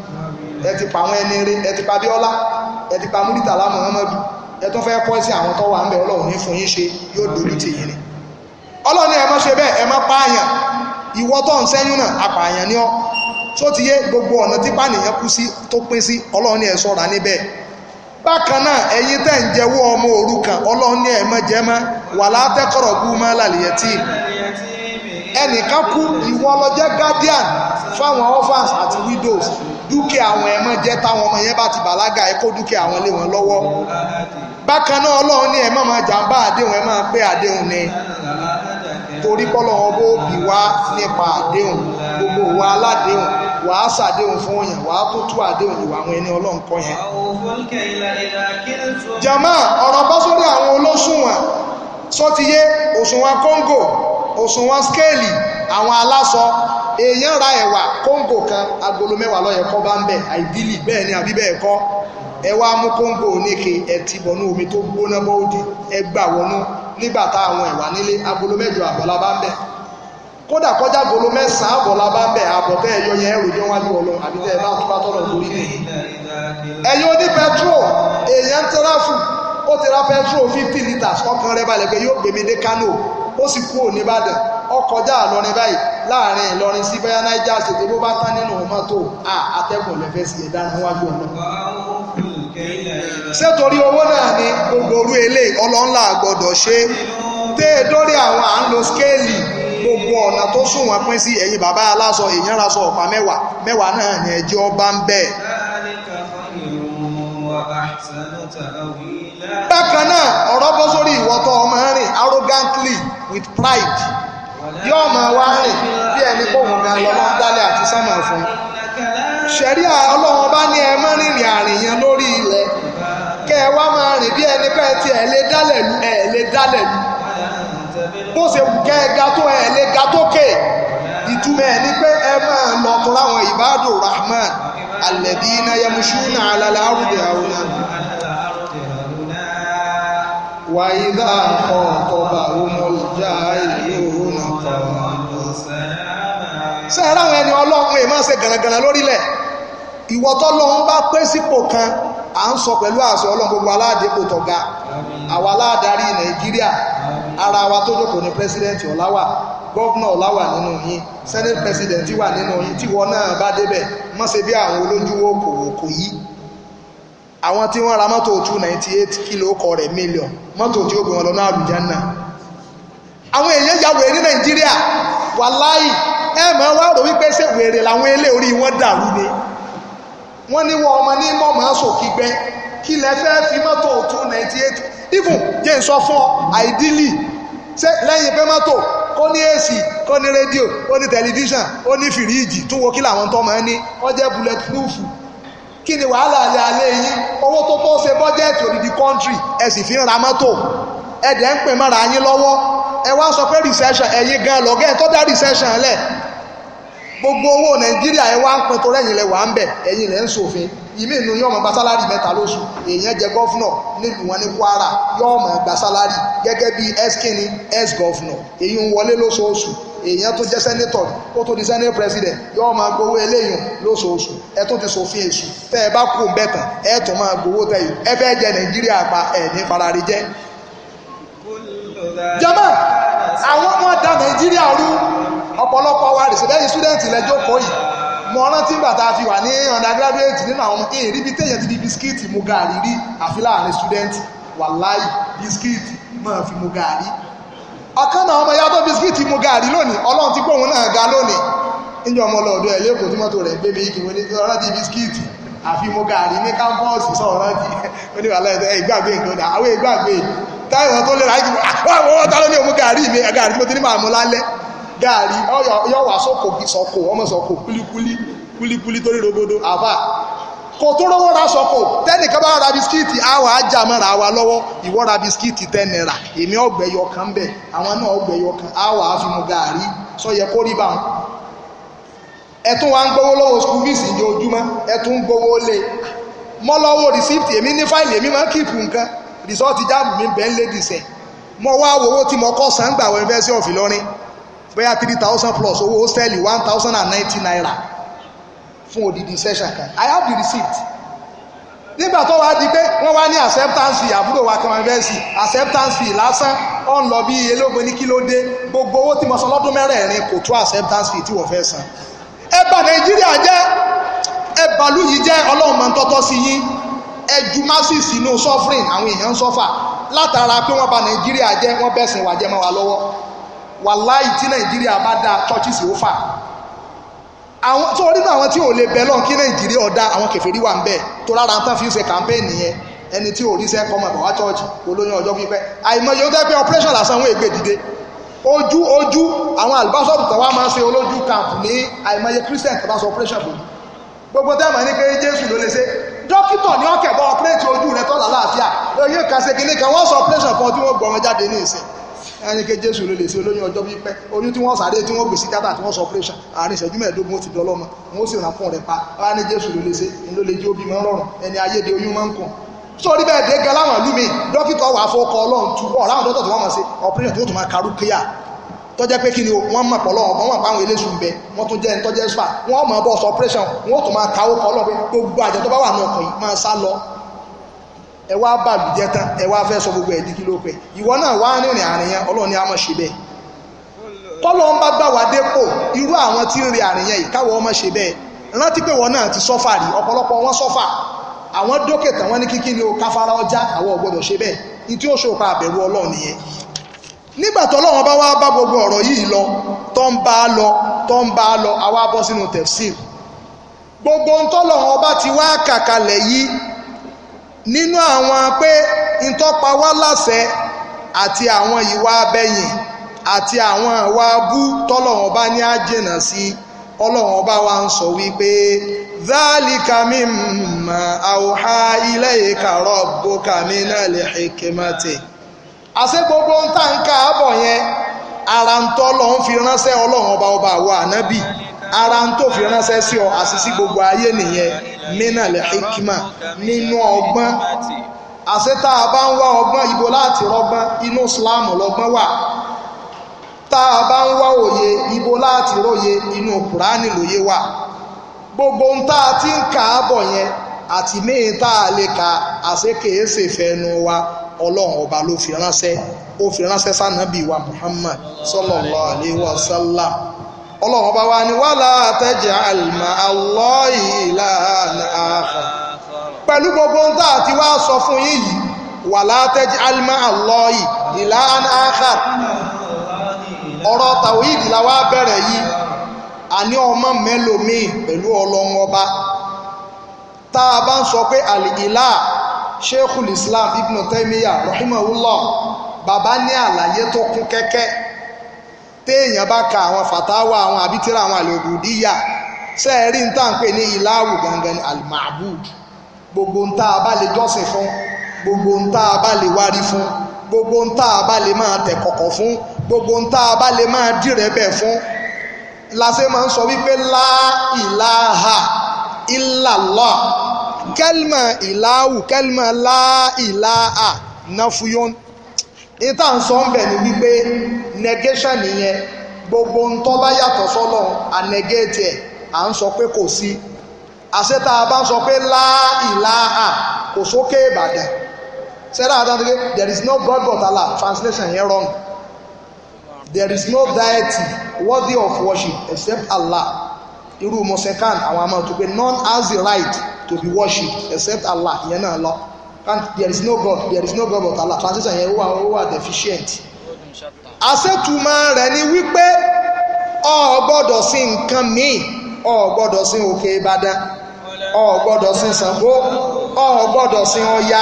ẹ ti pa àwọn ẹni rẹ ẹ ti pa Abíọ́lá ẹ ti pa Múrítàlá Muhammadu ẹ tún fẹ́ pọ́ sí àwọn tó wà ń bẹ Ọlọ́run ní fún yín ṣe yóò dojú ti yín ni Ọlọ́run ẹ má ṣe bẹ́ẹ̀ ẹ má pààyàn ìwọ tó ń sẹ́yún náà apààyàn ni ọ́ tó ti yé gbogbo ọ̀nà tí pànìyàn kú sí tó pín sí Ọlọ́run ẹ ṣọ́ra níbẹ̀ bákan náà ẹ̀yin tẹ́ ń jẹ́wọ́ ọmọ òrukàn Ọlọ́run ẹ má jẹ́ mọ́ wàlá tẹ́kọ̀rọ̀ bú ẹnìkan kú ìwọ ló guardian fáwọn orphans àti widows dúkìá àwọn ẹ̀mọ́ jẹ́ táwọn ọmọ yẹn bá ti bàlágà ẹ dúkìá àwọn lé wọn lọ́wọ́ bákan náà ọlọ́run ní ẹ̀mọ́ máa jàǹbá àdéhùn ẹ̀ pé àdéhùn ni torí kọ́lọ̀ ọbọ̀ òbí wá nípa àdéhùn gbogbo wa aládéhùn wà á sàdéhùn fún òyìn wà á tó tú àdéhùn ìwà àwọn ẹni ọlọ́run kọ́ yẹn. jama ọ̀rọ̀ bọ́ sórí àwọn olóṣùwọ̀n sọ́tiyé òṣùwọ̀n kóńgò òṣùwọ̀n skéèlì àwọn aláṣọ èèyàn ra ẹ̀wà kóńgò kan agolo mẹ́wàá lọ́yẹ̀ kọ́ bá ń bẹ̀ àìdílì bẹ́ẹ̀ ni àbí bẹ́ẹ̀ kọ́ ẹwà mú kóńgò oníke ẹ̀tì bọ̀nú omi tó gbóná bọ́ọ̀dì ẹgbà wọnú nígbà tá agolo mẹ́jọ bá ń bẹ̀ agolo mẹ́sàn-án bá ń bẹ̀ àbọ̀ tẹ́ ọlọ àbí tẹ́ ẹ bá ní ó ti ra petrol fifty litres ọkàn rẹ̀ balẹ̀ pé yóò gbèmí dé Kano ó sì kúrò nìbàdàn ọkọjá àlọrin báyìí láàrin Ìlọrin sí bẹ́yà Niger State bó bá tán nínú mọ́tò à atẹ́gùn lẹ́fẹ́ sí ẹ̀dá níwájú ọ̀nà. ṣé torí owó náà ni gbogbo orú ilé ọlọ́ńlá gbọ́dọ̀ ṣe tẹ́ ẹ dórí àwọn à ń lo skéèlì gbogbo ọ̀nà tó sùn wọ́n pín sí ẹ̀yìn bàbá aláṣọ èèyàn raṣọ ọ̀pá mẹ́wàá mẹ́wàá náà ni ẹjọ́ bá ń bẹ́ẹ̀ bákan náà ọ̀rọ̀ bọ́ sórí ìwọ́tọ̀ ọmọ rìn arrogantly with pride yóò máa wá rìn bí ẹni kóhùn gan lọ́mọ dálẹ̀ àti sámà fún ṣẹ̀rí ọlọ́wọ́n bá ní ẹ mọ́ rìnrìn àrìn yẹn lórí ilẹ̀ kẹ́ ẹ wá máa rìn bí ẹni pẹ́ ti ẹ̀ lé dálẹ̀ lu ẹ̀ lé dálẹ̀ lu bó ṣe wù kẹ́ ẹ ga tó ẹ̀ lé ga tókè ìtumọ̀ ẹ̀ ni pé ẹ máa lọ tó láwọn ìbádùn rahman alẹ́bí iná yẹmuṣú náà alálẹ́ àrùbẹ̀ àwọn náà. وإذا خاطبهم الجاهلون قالوا سلاما sẹ́ẹ̀rẹ́ àwọn ẹni ọlọ́run èèmọ̀ ṣe gànàgànà lórílẹ̀ ìwọ tó lọ́hún bá pé sípò kan à ń sọ pẹ̀lú àṣọ ọlọ́run gbogbo aládépò tó àwọn àwa nàìjíríà ara wa tó ní Ọláwà, gọ́vnà àwọn tí wọ́n ra mọ́tò 298 kìlò ọkọ̀ rẹ̀ mílíọ̀n mọ́tò tí ó gbé wọn lọ náà àlùjánnà àwọn èèyàn ya wèrè ní nàìjíríà wàláì ẹ mọ̀ wá rò wípé ṣé wèrè làwọn ilé orí wọn dàrú ni wọ́n ní wọ́n ọmọ ní mọ̀mọ́ sòkígbẹ́ kí lẹ fẹ́ fi mọ́tò 298 even jẹ́ ń sọ fún àìdílì lẹ́yìn pé mọ́tò ó ní èsì ó ní rédíò ó ní tẹlifíṣàn ó ní fìríìjì tún wo kí làwọn tọ́ mọ́ ní ó jẹ́ bulletproof kí ni wàhálà alẹ́ alẹ́ yín owó tó tó ṣe bọ́jẹ́ẹ̀tì òdìdí kọ́ńtírì ẹ sì fi ń ra mọ́tò ẹ dẹ̀ ń pè mọ́ra yín lọ́wọ́ ẹ wá sọ pé recession ẹ̀yin gan lọ́gẹ́ tó dá recession lẹ̀ gbogbo owó nàìjíríà ẹ wá ń pin tó rẹ̀yìn lẹ̀ wà ń bẹ̀ ẹ̀yin lẹ̀ ń ṣòfin ìmí inú yọ́ọ̀mọ̀ gba sálárì mẹ́ta lóṣù èèyàn jẹ gọ́fúnà nílùú wọn ní Kwara yọ́ọ̀mọ̀ gba sálárì gẹ́gẹ́ bí ẹ́skínní ẹ́sgọ́fúnà èyí ń wọlé lóṣooṣù èèyàn tó jẹ́ sẹ́nẹ́tọ̀ ó tó di sẹ́nẹ́ president yọ́ọ̀ máa gbowó eléyìn lóṣooṣù ẹ tó ti ṣòfin èṣù tẹ́ ẹ bá kú bẹ́tàn ẹ tó máa gbowó tẹ́ yìí ẹ fẹ́ jẹ Nàìjíríà pa ẹ̀ ní farari jẹ́. jama àwọn ọmọ da Nàìjíríà rú ọ̀pọ̀lọpọ̀ wa rèsì lẹ́yìn súdẹ̀ǹtì lẹ́jọ́ kọ́ yìí mo rántí ìgbà tá a fi wà ní undergraduate nínú àwọn ọmọ eh, èèrí bíi téèyàn ti di bisikíìtì mu gààrí rí àfi láàrin bisikíìtì fi mu gààrí ọ̀kan náà ọmọ yàtọ̀ bisikíìtì mu lónìí ọlọ́run ti gbóhùn náà ga lónìí níjọ ọmọ ọlọ́ọ̀dọ́ ẹ̀ lẹ́kọ̀ọ́ tí mọ́tò rẹ̀ gbé mi kí wọ́n ti bisikíìtì àfi mo ní kámpọ́ọ̀sì sọ̀rọ̀ gaari yọwà sọ́kò sọ́kò ọmọ sọ́kò kúlíkúlí kulikuli torí rogodo àbá kò tó rówó ra sọ́kò tẹ́nìkan bá ra bisikíìtì àwọ̀ ajá ra wa lọ́wọ́ ìwọ ra bisikíìtì ten naira èmi ọgbẹ̀yọ kan bẹ̀ àwọn náà ọgbẹ̀yọ kan àwọ̀ àfihàn gaari sọ́yẹ kó rí báwọn ẹ tún wá ń gbowó lọ́wọ́ school fees ìjọ ojúmọ́ ẹ tún ń gbowó lé mọ́ lọ́wọ́ rìsíìtì èmi ní fáìlì èmi máa ń kíìpù nǹkan rìsọ́ọ̀tì jáàmù mi bẹ́ẹ̀ ń lé wá owó tí mo kọ́ sàn gbà sí ọ̀fìlọ́rin bóyá three thousand plus owó hostel one thousand and ninety naira fún odidi session kan i have the receipt nígbà tó wá di pé wọ́n wá ní acceptance fee àbúrò wa kan fẹ́ẹ́sì acceptance fee lásán ó ń lọ bí elógun ní kí ló dé gbogbo owó tí mo san lọ́dún mẹ́rẹ̀ẹ̀rin kò tó acceptance fee tí wọ́n fẹ́ san ẹ bà nàìjíríà jẹ́ ẹ bàlú yìí jẹ́ ọlọ́run máa ń tọ́tọ́ sí yín ẹ ju masses inú suffering àwọn èèyàn ń suffer látara pé wọ́n bà nàìjíríà jẹ́ wọ́n bẹ̀sìn wàjẹ́ mọ́ wa lọ́wọ́ wàláì tí nàìjíríà bá dáa churches ó fà àwọn tó rí náà àwọn tí ò lè bẹ̀ lọ́n kí nàìjíríà ọ̀dà àwọn kèfèrí wà ń bẹ̀ tó rárá tán fi ń ṣe kàmpéènì yẹn ẹni tí ò rí sẹ́kọ̀ ọmọ ìbàwá church olóyún ọjọ́ pípẹ́ àìmọye ó tẹ́ pé operation lásán wọn ègbè dìde ojú ojú àwọn àlùbáṣọ́ọ̀bù kan wá máa ń ṣe olójú camp ní àìmọye christian tó bá sọ operation bòjú gbogbo tẹ́ẹ̀mà ní pé jésù ló lè ṣe dókítà ní ọ̀kẹ̀bọ̀ ọ̀pẹ́rẹ́tì ojú rẹ̀ tọ́lá láàfíà oyè kan ṣe kìnnìkan wọ́n sọ operation kan tí wọ́n gbọ́ wọn jáde ní ìsìn ẹni ké jésù ló lè ṣe olóyún ọjọ́ pípẹ́ oyún tí wọ́n sáré tí wọ́n gbé sí kátà tí wọ́n sọ pírẹ́ṣà àárín ìṣẹ́jú mẹ́ẹ̀ẹ́dógún ti dọ́lọ́mọ wọ́n sì ràn fún rẹ̀ pa wọ́n ní jésù ló lè ṣe ló lè jẹ́ òbí mọ́ rọrùn ẹni ayéde oyún máa ń kàn sórí bẹ́ẹ̀ dé gan láwọn ìlú mi dókítà wà fọkọ ọlọ́run tu ọ̀ láwọn dókítà tó wọ́n mọ̀ sí ọ̀pẹ́rẹ́ tó tún máa karú kíyà tọ́jẹ́ pé kí ni wọ́n mọ̀ pọ̀ lọ́wọ́ wọ́n mọ̀ páwọn eléṣù ń bẹ ẹ wá bàlùjẹ́ tán ẹ wá fẹ́ sọ gbogbo ẹ̀ di kí ló pẹ́ ìwọ náà wá rìnrìn àrìn yẹn a máa ṣe bẹ́ẹ̀ tọ́lọ́ ń bá gbà wá dépò irú àwọn tí ń rin àrìn yẹn ìkáwọ́ ọmọ ṣe bẹ́ẹ̀ rántí pé wọn náà ti sọ́fà rí ọ̀pọ̀lọpọ̀ wọn sọ́fà àwọn dókítà wọn ní kíkí ni ó káfárá ọjà àwọn ọ̀gbọ́dọ̀ ṣe bẹ́ẹ̀ ní tí ó ṣòpa àbẹ̀rù ọlọ́run nìyẹn nígbà tọ́lọ́run bá wá bá gbogbo ọ̀rọ̀ yìí lọ tó ń bá lọ tó ń bá lọ àwa bọ́ sínú tẹ̀síìl gbogbo ń tọ́lọ́run ọba ti wá kàkalẹ̀ yìí nínú àwọn pé ìtọ́pa wá láṣẹ àti àwọn ìwà abẹ́yìn àti àwọn ìwà abú tọ́lọ́wọ́n bá ní àjìnà sí ọlọ́wọ́n bá wa ń sọ wípé dhalika mimma awha ilayka rabbuka minal hikmati àṣẹ gbogbo ń tà ń yẹn ara ń tọ́ lọ́n fi ránṣẹ́ ọlọ́wọ́n ọba ara ń tó fi ránṣẹ́ sí gbogbo ayé nìyẹn mínàlẹ̀ hikima nínú ọgbọ́n àṣẹ a bá ń wá ibo láti rọgbọ́n inú ìsìláàmù lọgbọ́n wà tá a bá ń wá òye ibo láti róye inú kùránì lóye wà gbogbo ń tá a ti ń kà á bọ̀ yẹn àti míì ka wa ọlọ́run ọba ló fi ránṣẹ́ ó fi ránṣẹ́ sànàbí wa Muhammad ọlọ́run ọba wa ni wàhálà àtẹ̀jẹ̀ àlùmọ́ àlọ́ ìlànà àfà pẹ̀lú gbogbo ń tà àti wá sọ fún yín yìí wàhálà àtẹ̀jẹ̀ àlùmọ́ àlọ́ ìlànà àfà ọ̀rọ̀ tàwíìdì la wá bẹ̀rẹ̀ yìí àní ọmọ mẹ́lòmíì pẹ̀lú ọlọ́run ọba tá a bá ń sọ pé àlìgìlá sheikhul islam ibn taymiyyah rahimahullah bàbá ní àlàyé tó kún kẹ́kẹ́ téèyàn bá ka àwọn fàtáwà àwọn àbítírà àwọn àlòbùdíyà sẹ́ẹ̀rí ń tà ń pè ní ìlàwù gangan almabud gbogbo ń tá a bá lè jọ́sìn fún gbogbo ń tá wárí fún gbogbo ń tá máa tẹ̀ kọ̀kọ̀ fún gbogbo ń tá máa dìrẹ́bẹ̀ fún lásẹ̀ máa ń sọ wípé lá ìlàhà ìlàlọ́ kẹ́lìmọ̀ ìlàwù kẹ́lìmọ̀ lá ìlàhà náfúyọ́n ìta ń sọ ń bẹ̀ ni wípé negation nìyẹn gbogbo ń bá yàtọ̀ sọ́lọ̀ ànẹ́gẹ́tì ẹ̀ à ń sọ pé kò sí àṣetà bá ń sọ pé láìláà kò sókè ìbàdàn sẹ́dá àtàntàkì there is no God but Allah translation yẹn wrong there is no deity worthy of worship except Allah irú mọ̀sẹ̀kán àwọn àmọ́ tó pé none has the right to be worship except Allah ìyẹn náà lọ there is no God there is no God but Allah translation yẹn ó wà wà deficient àṣetumọ̀ rẹ̀ ni wípé ọ gbọ́dọ̀ sí nǹkan míì ọ gbọ́dọ̀ sí òkè Ìbàdàn ọ gbọ́dọ̀ sí Ṣàngó ọ gbọ́dọ̀ sí Ọya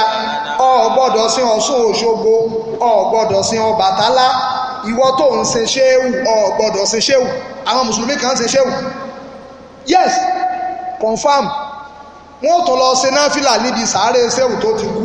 ọ gbọ́dọ̀ sí Ọ̀ṣun Òṣogbo ọ gbọ́dọ̀ sí Ọbàtálá ìwọ tó ń ṣe ṣéwù ọ gbọ́dọ̀ ṣe ṣéwù àwọn mùsùlùmí kan ṣe ṣéwù yes confam wọn ò tún lọ ṣe náfìlà níbi sàárè ṣéwù tó ti kú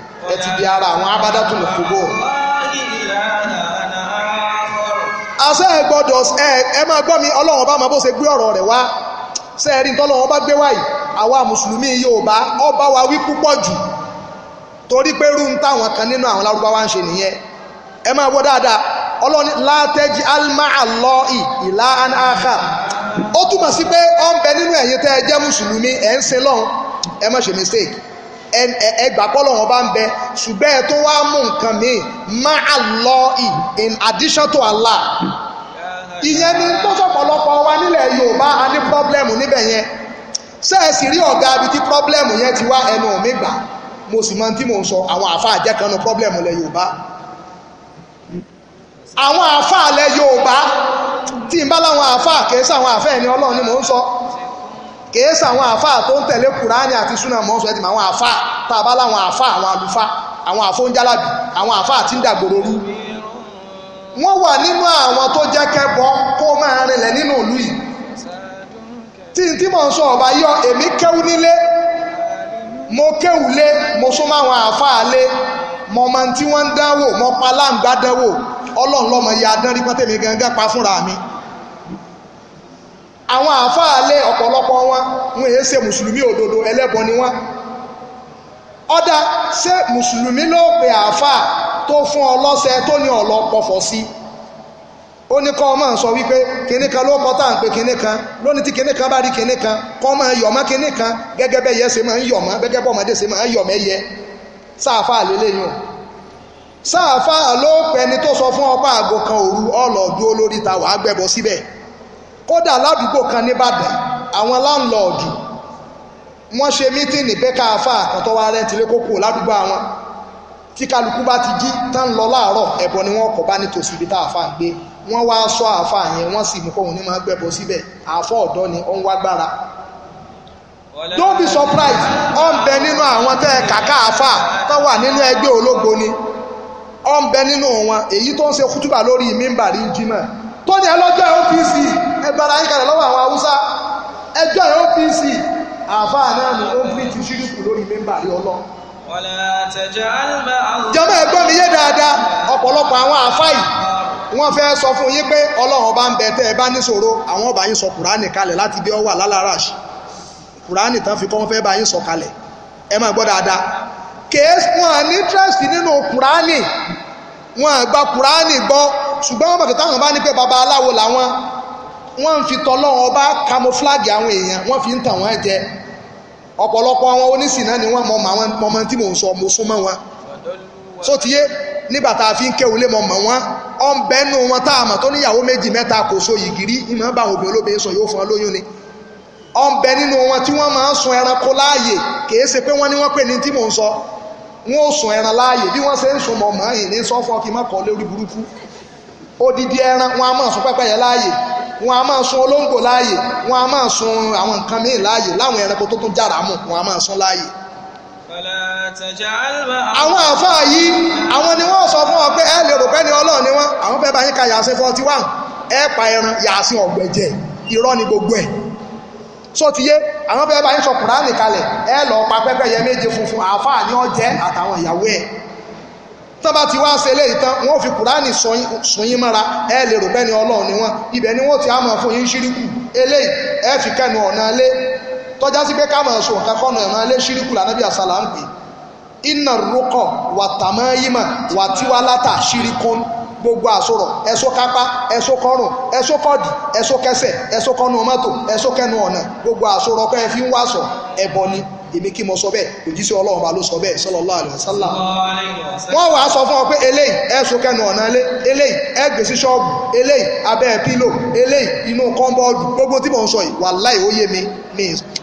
ẹ di ara àwọn abádátùn kúgbò àṣẹ ẹ gbọ́dọ̀ ẹ máa gbọ́ mi ọlọ́run bá máa bó ṣe gbé ọ̀rọ̀ rẹ̀ wá sẹ́ẹ̀rí tọ́lọ́run bá gbé wáyìí àwa mùsùlùmí Yorùbá ọba wa wí púpọ̀ jù torí pé rú ń táwọn kan nínú àwọn lárúbáwá ń ṣe nìyẹn ẹ máa gbọ́ dáadáa ọlọ́ni látẹ́jì almaàlọ́ì ìlà anáhà ó túmọ̀ sí pé ó nínú ẹ̀yin tẹ́ ẹ jẹ́ mùsùlùmí ẹ̀ ń sin lọ́hùn ẹ má ṣe mistake ẹgbà pọ́lọ̀ wọn bá ń bẹ ṣùgbọ́n ẹ tó wá mú nǹkan míì má a lọ in addition to Allah ìyẹn ni tó sọ̀pọ̀lọpọ̀ wa nílẹ̀ Yorùbá a ní pọ́blẹ́mù níbẹ̀ yẹn ṣé ẹ sì rí ọ̀gá ibi tí pọ́blẹ́mù yẹn ti wá ẹnu mi gbà mo sì mọ tí mò ń sọ àwọn àáfàá jẹ́ kan nu pọ́blẹ́mù lẹ̀ Yorùbá àwọn àáfàá lẹ̀ Yorùbá tí ń bá láwọn àáfàá kèé sáwọn àáfàá ẹni Ọlọ́run ni mò ń sọ kèésà àwọn àfáà tó ń tẹ̀lé kùránì àti súnà mọ́sùn ẹ̀tìmọ̀ àwọn àfáà tá a bá láwọn àfáà àwọn àlùfáà àwọn àfóúnjálàbì àwọn àfáà tí ń dàgbòrò rú wọ́n wà nínú àwọn tó jẹ́ kẹ́bọ kó máa rinlẹ̀ nínú ìlú yìí tí n tí mò ń sọ ọ̀bá yọ èmi kéwú nílé mo kéwú lé mo sún mọ́ àwọn àfáà lé mo máa ń tí wọ́n ń dánwò mo pa láǹgbá dánwò ọlọ́run lọ́mọ yẹ adánrí pọ́tẹ́mi gangan pa fúnra mi. àwọn àfáàlẹ́ ọ̀pọ̀lọpọ̀ wọn wọn èé ṣe musulmi òdòdó ẹlẹ́bọ ni wọn ọ̀dà ṣé musulmi ló pè àáfàá tó fún ọ tó ní ọ̀lọ́ pọ̀fọ̀ sí ó ní kọ́ ọmọ sọ wípé kinní ló kọ́ lónìí tí bá rí kọ́ gẹ́gẹ́ o sáàfáà ló pẹni tó sọ fún ọpá kan òru lórí ta wàá síbẹ̀ kódà ládùúgbò kan nìbàdàn àwọn láńlọ́ọ̀dù wọ́n ṣe mítìnì bẹ́ka afá àkàntọ́ wa rẹ́ǹtì lẹ́kọ̀ọ́kọ́ ládùúgbò àwọn tí kálukú bá ti jí tán lọ láàárọ̀ ẹbọ ni wọ́n kọ̀ bá nítòsí ibi tá àfà ń gbé wọ́n wá sọ àfà yẹn wọ́n sì mú kóhun ní máa gbẹ̀bọ síbẹ̀ àfọ ọ̀dọ́ ni ó ń wá gbára. don't be surprised ó ń bẹ nínú àwọn tẹ́ kàkà àfà tó wà nínú ẹgbẹ́ ológo ni ó ń bẹ nínú wọn èyí tó ń ṣe kútùbà lórí mímbàrí jimá tó ní ẹlọ́jọ́ OPC ẹgbàrá ayíkalẹ̀ lọ́wọ́ àwọn haúsá ẹjọ́ OPC àfáà náà ní omi ti ṣíríkù lórí mẹ́mbà rí ọlọ́ jọmọ ẹgbọ́n mi yé dáadáa ọ̀pọ̀lọpọ̀ àwọn àfáì wọ́n fẹ́ sọ fún yín pé ọlọ́run bá ń bẹ tẹ́ ẹ bá níṣòro àwọn ọba yín sọ kùránì kalẹ̀ láti bí ọ wà lálára ṣì kùránì tán fi kọ́ wọ́n fẹ́ bá yín sọ kalẹ̀ ẹ máa gbọ́ dáadáa kèé wọn ní interest nínú kùránì wọn àgbà kùránì gbọ́ ṣùgbọ́n wọ́n bàtà táwọn bá ní pé baba aláwo làwọn wọ́n fi tọ́lọ́wọ́n ọba camouflage àwọn èèyàn wọ́n fi ń tàn wọ́n jẹ ọ̀pọ̀lọpọ̀ àwọn oníṣìná ni wọ́n mọ ọmọ tí mò ń sọ mo súnmọ́ wọn so ti yé nígbà tá a fi ń kẹ́ òlé mọ̀ mọ̀ wọ́n ọ̀n bẹ́nu wọn tá a mọ̀ tó níyàwó méjì mẹ́ta kò so yìgìrì ìmọ̀ bá àwọn obìnrin ni ọ̀n bẹ nínú wọn tí wọ́n máa ń sun ẹranko láàyè kìí ṣe pé wọ́n ní wọ́n pè ní tí mò ń sọ wọ́n ò sun ẹran láàyè bí wọ́n ṣe ń sun mọ̀ mọ́ yìí ní sọ́fọ́ kí n má kọ́ lórí burúkú odidi ẹran wọn a máa sun pẹ́pẹ́yẹ láàyè wọn a máa sun olóńgbò láàyè wọn a máa sun àwọn nǹkan míì láàyè láwọn ẹranko tó tún jára mù wọn a máa sun láàyè. àwọn àfáà yìí àwọn ni wọ́n sọ fún ọ pé ẹ lè rò pé ni ọlọ́ọ̀ ni wọ́n àwọn fẹ́ bá yín ka yàsín forty one ẹ pa ẹran yàsín ọ̀gbẹ̀jẹ̀ irọ́ ni gbogbo ẹ̀ so ti yé àwọn fẹ́ bá yín sọ kùránì kalẹ̀ ẹ lọ́ọ́ pa pẹ́pẹ́yẹ méje funfun àfáà ni ọ jẹ́ àtàwọn ìyàwó ẹ̀ tán bá ti wá ṣe eléyìí tán wọ́n fi kùránì sùn mọ́ra ẹ lè rò bẹ́ni ọlọ́run ni wọ́n ibẹ̀ ni wọ́n ti á mọ̀ fún yín ṣíríkù eléyìí ẹ fi kẹ́nu ọ̀nà lé tọ́já sí pé ká máa sọ nǹkan kọ́nà ẹ̀ràn lé ṣíríkù lànàbí àṣàlà ń pè iná rúkọ̀ wàtàmọ́yìmọ̀ wàtíwálátà ṣíríkún gbogbo àsorọ̀ ẹ̀sọ́ kápá ẹ̀sọ́ kọrùn ẹ̀sọ́ kọ́dì ẹ̀sọ́ kẹsẹ̀ ẹ̀sọ́ kọnu mọ́tò ẹ̀sọ́ kẹnu ọ̀nà gbogbo àsorọ̀ kọ́ ẹ fi ń wàsọ̀ ẹ̀bọ ni èmi kí mo sọ bẹ́ẹ̀ òjíṣẹ́ ọlọ́run bá ló sọ bẹ́ẹ̀ sallallahu alaihi wasallam wọ́n wàá sọ fún ọ pé eléyìí ẹ sọ kẹnu ọ̀nà ilé eléyìí ẹ gbé sí ṣọ́ọ̀bù eléyìí abẹ́ pílò eléyìí inú kọ́ńbọ́ọ̀dù gbogbo tí mò ń sọ yìí wàláì ó yé mi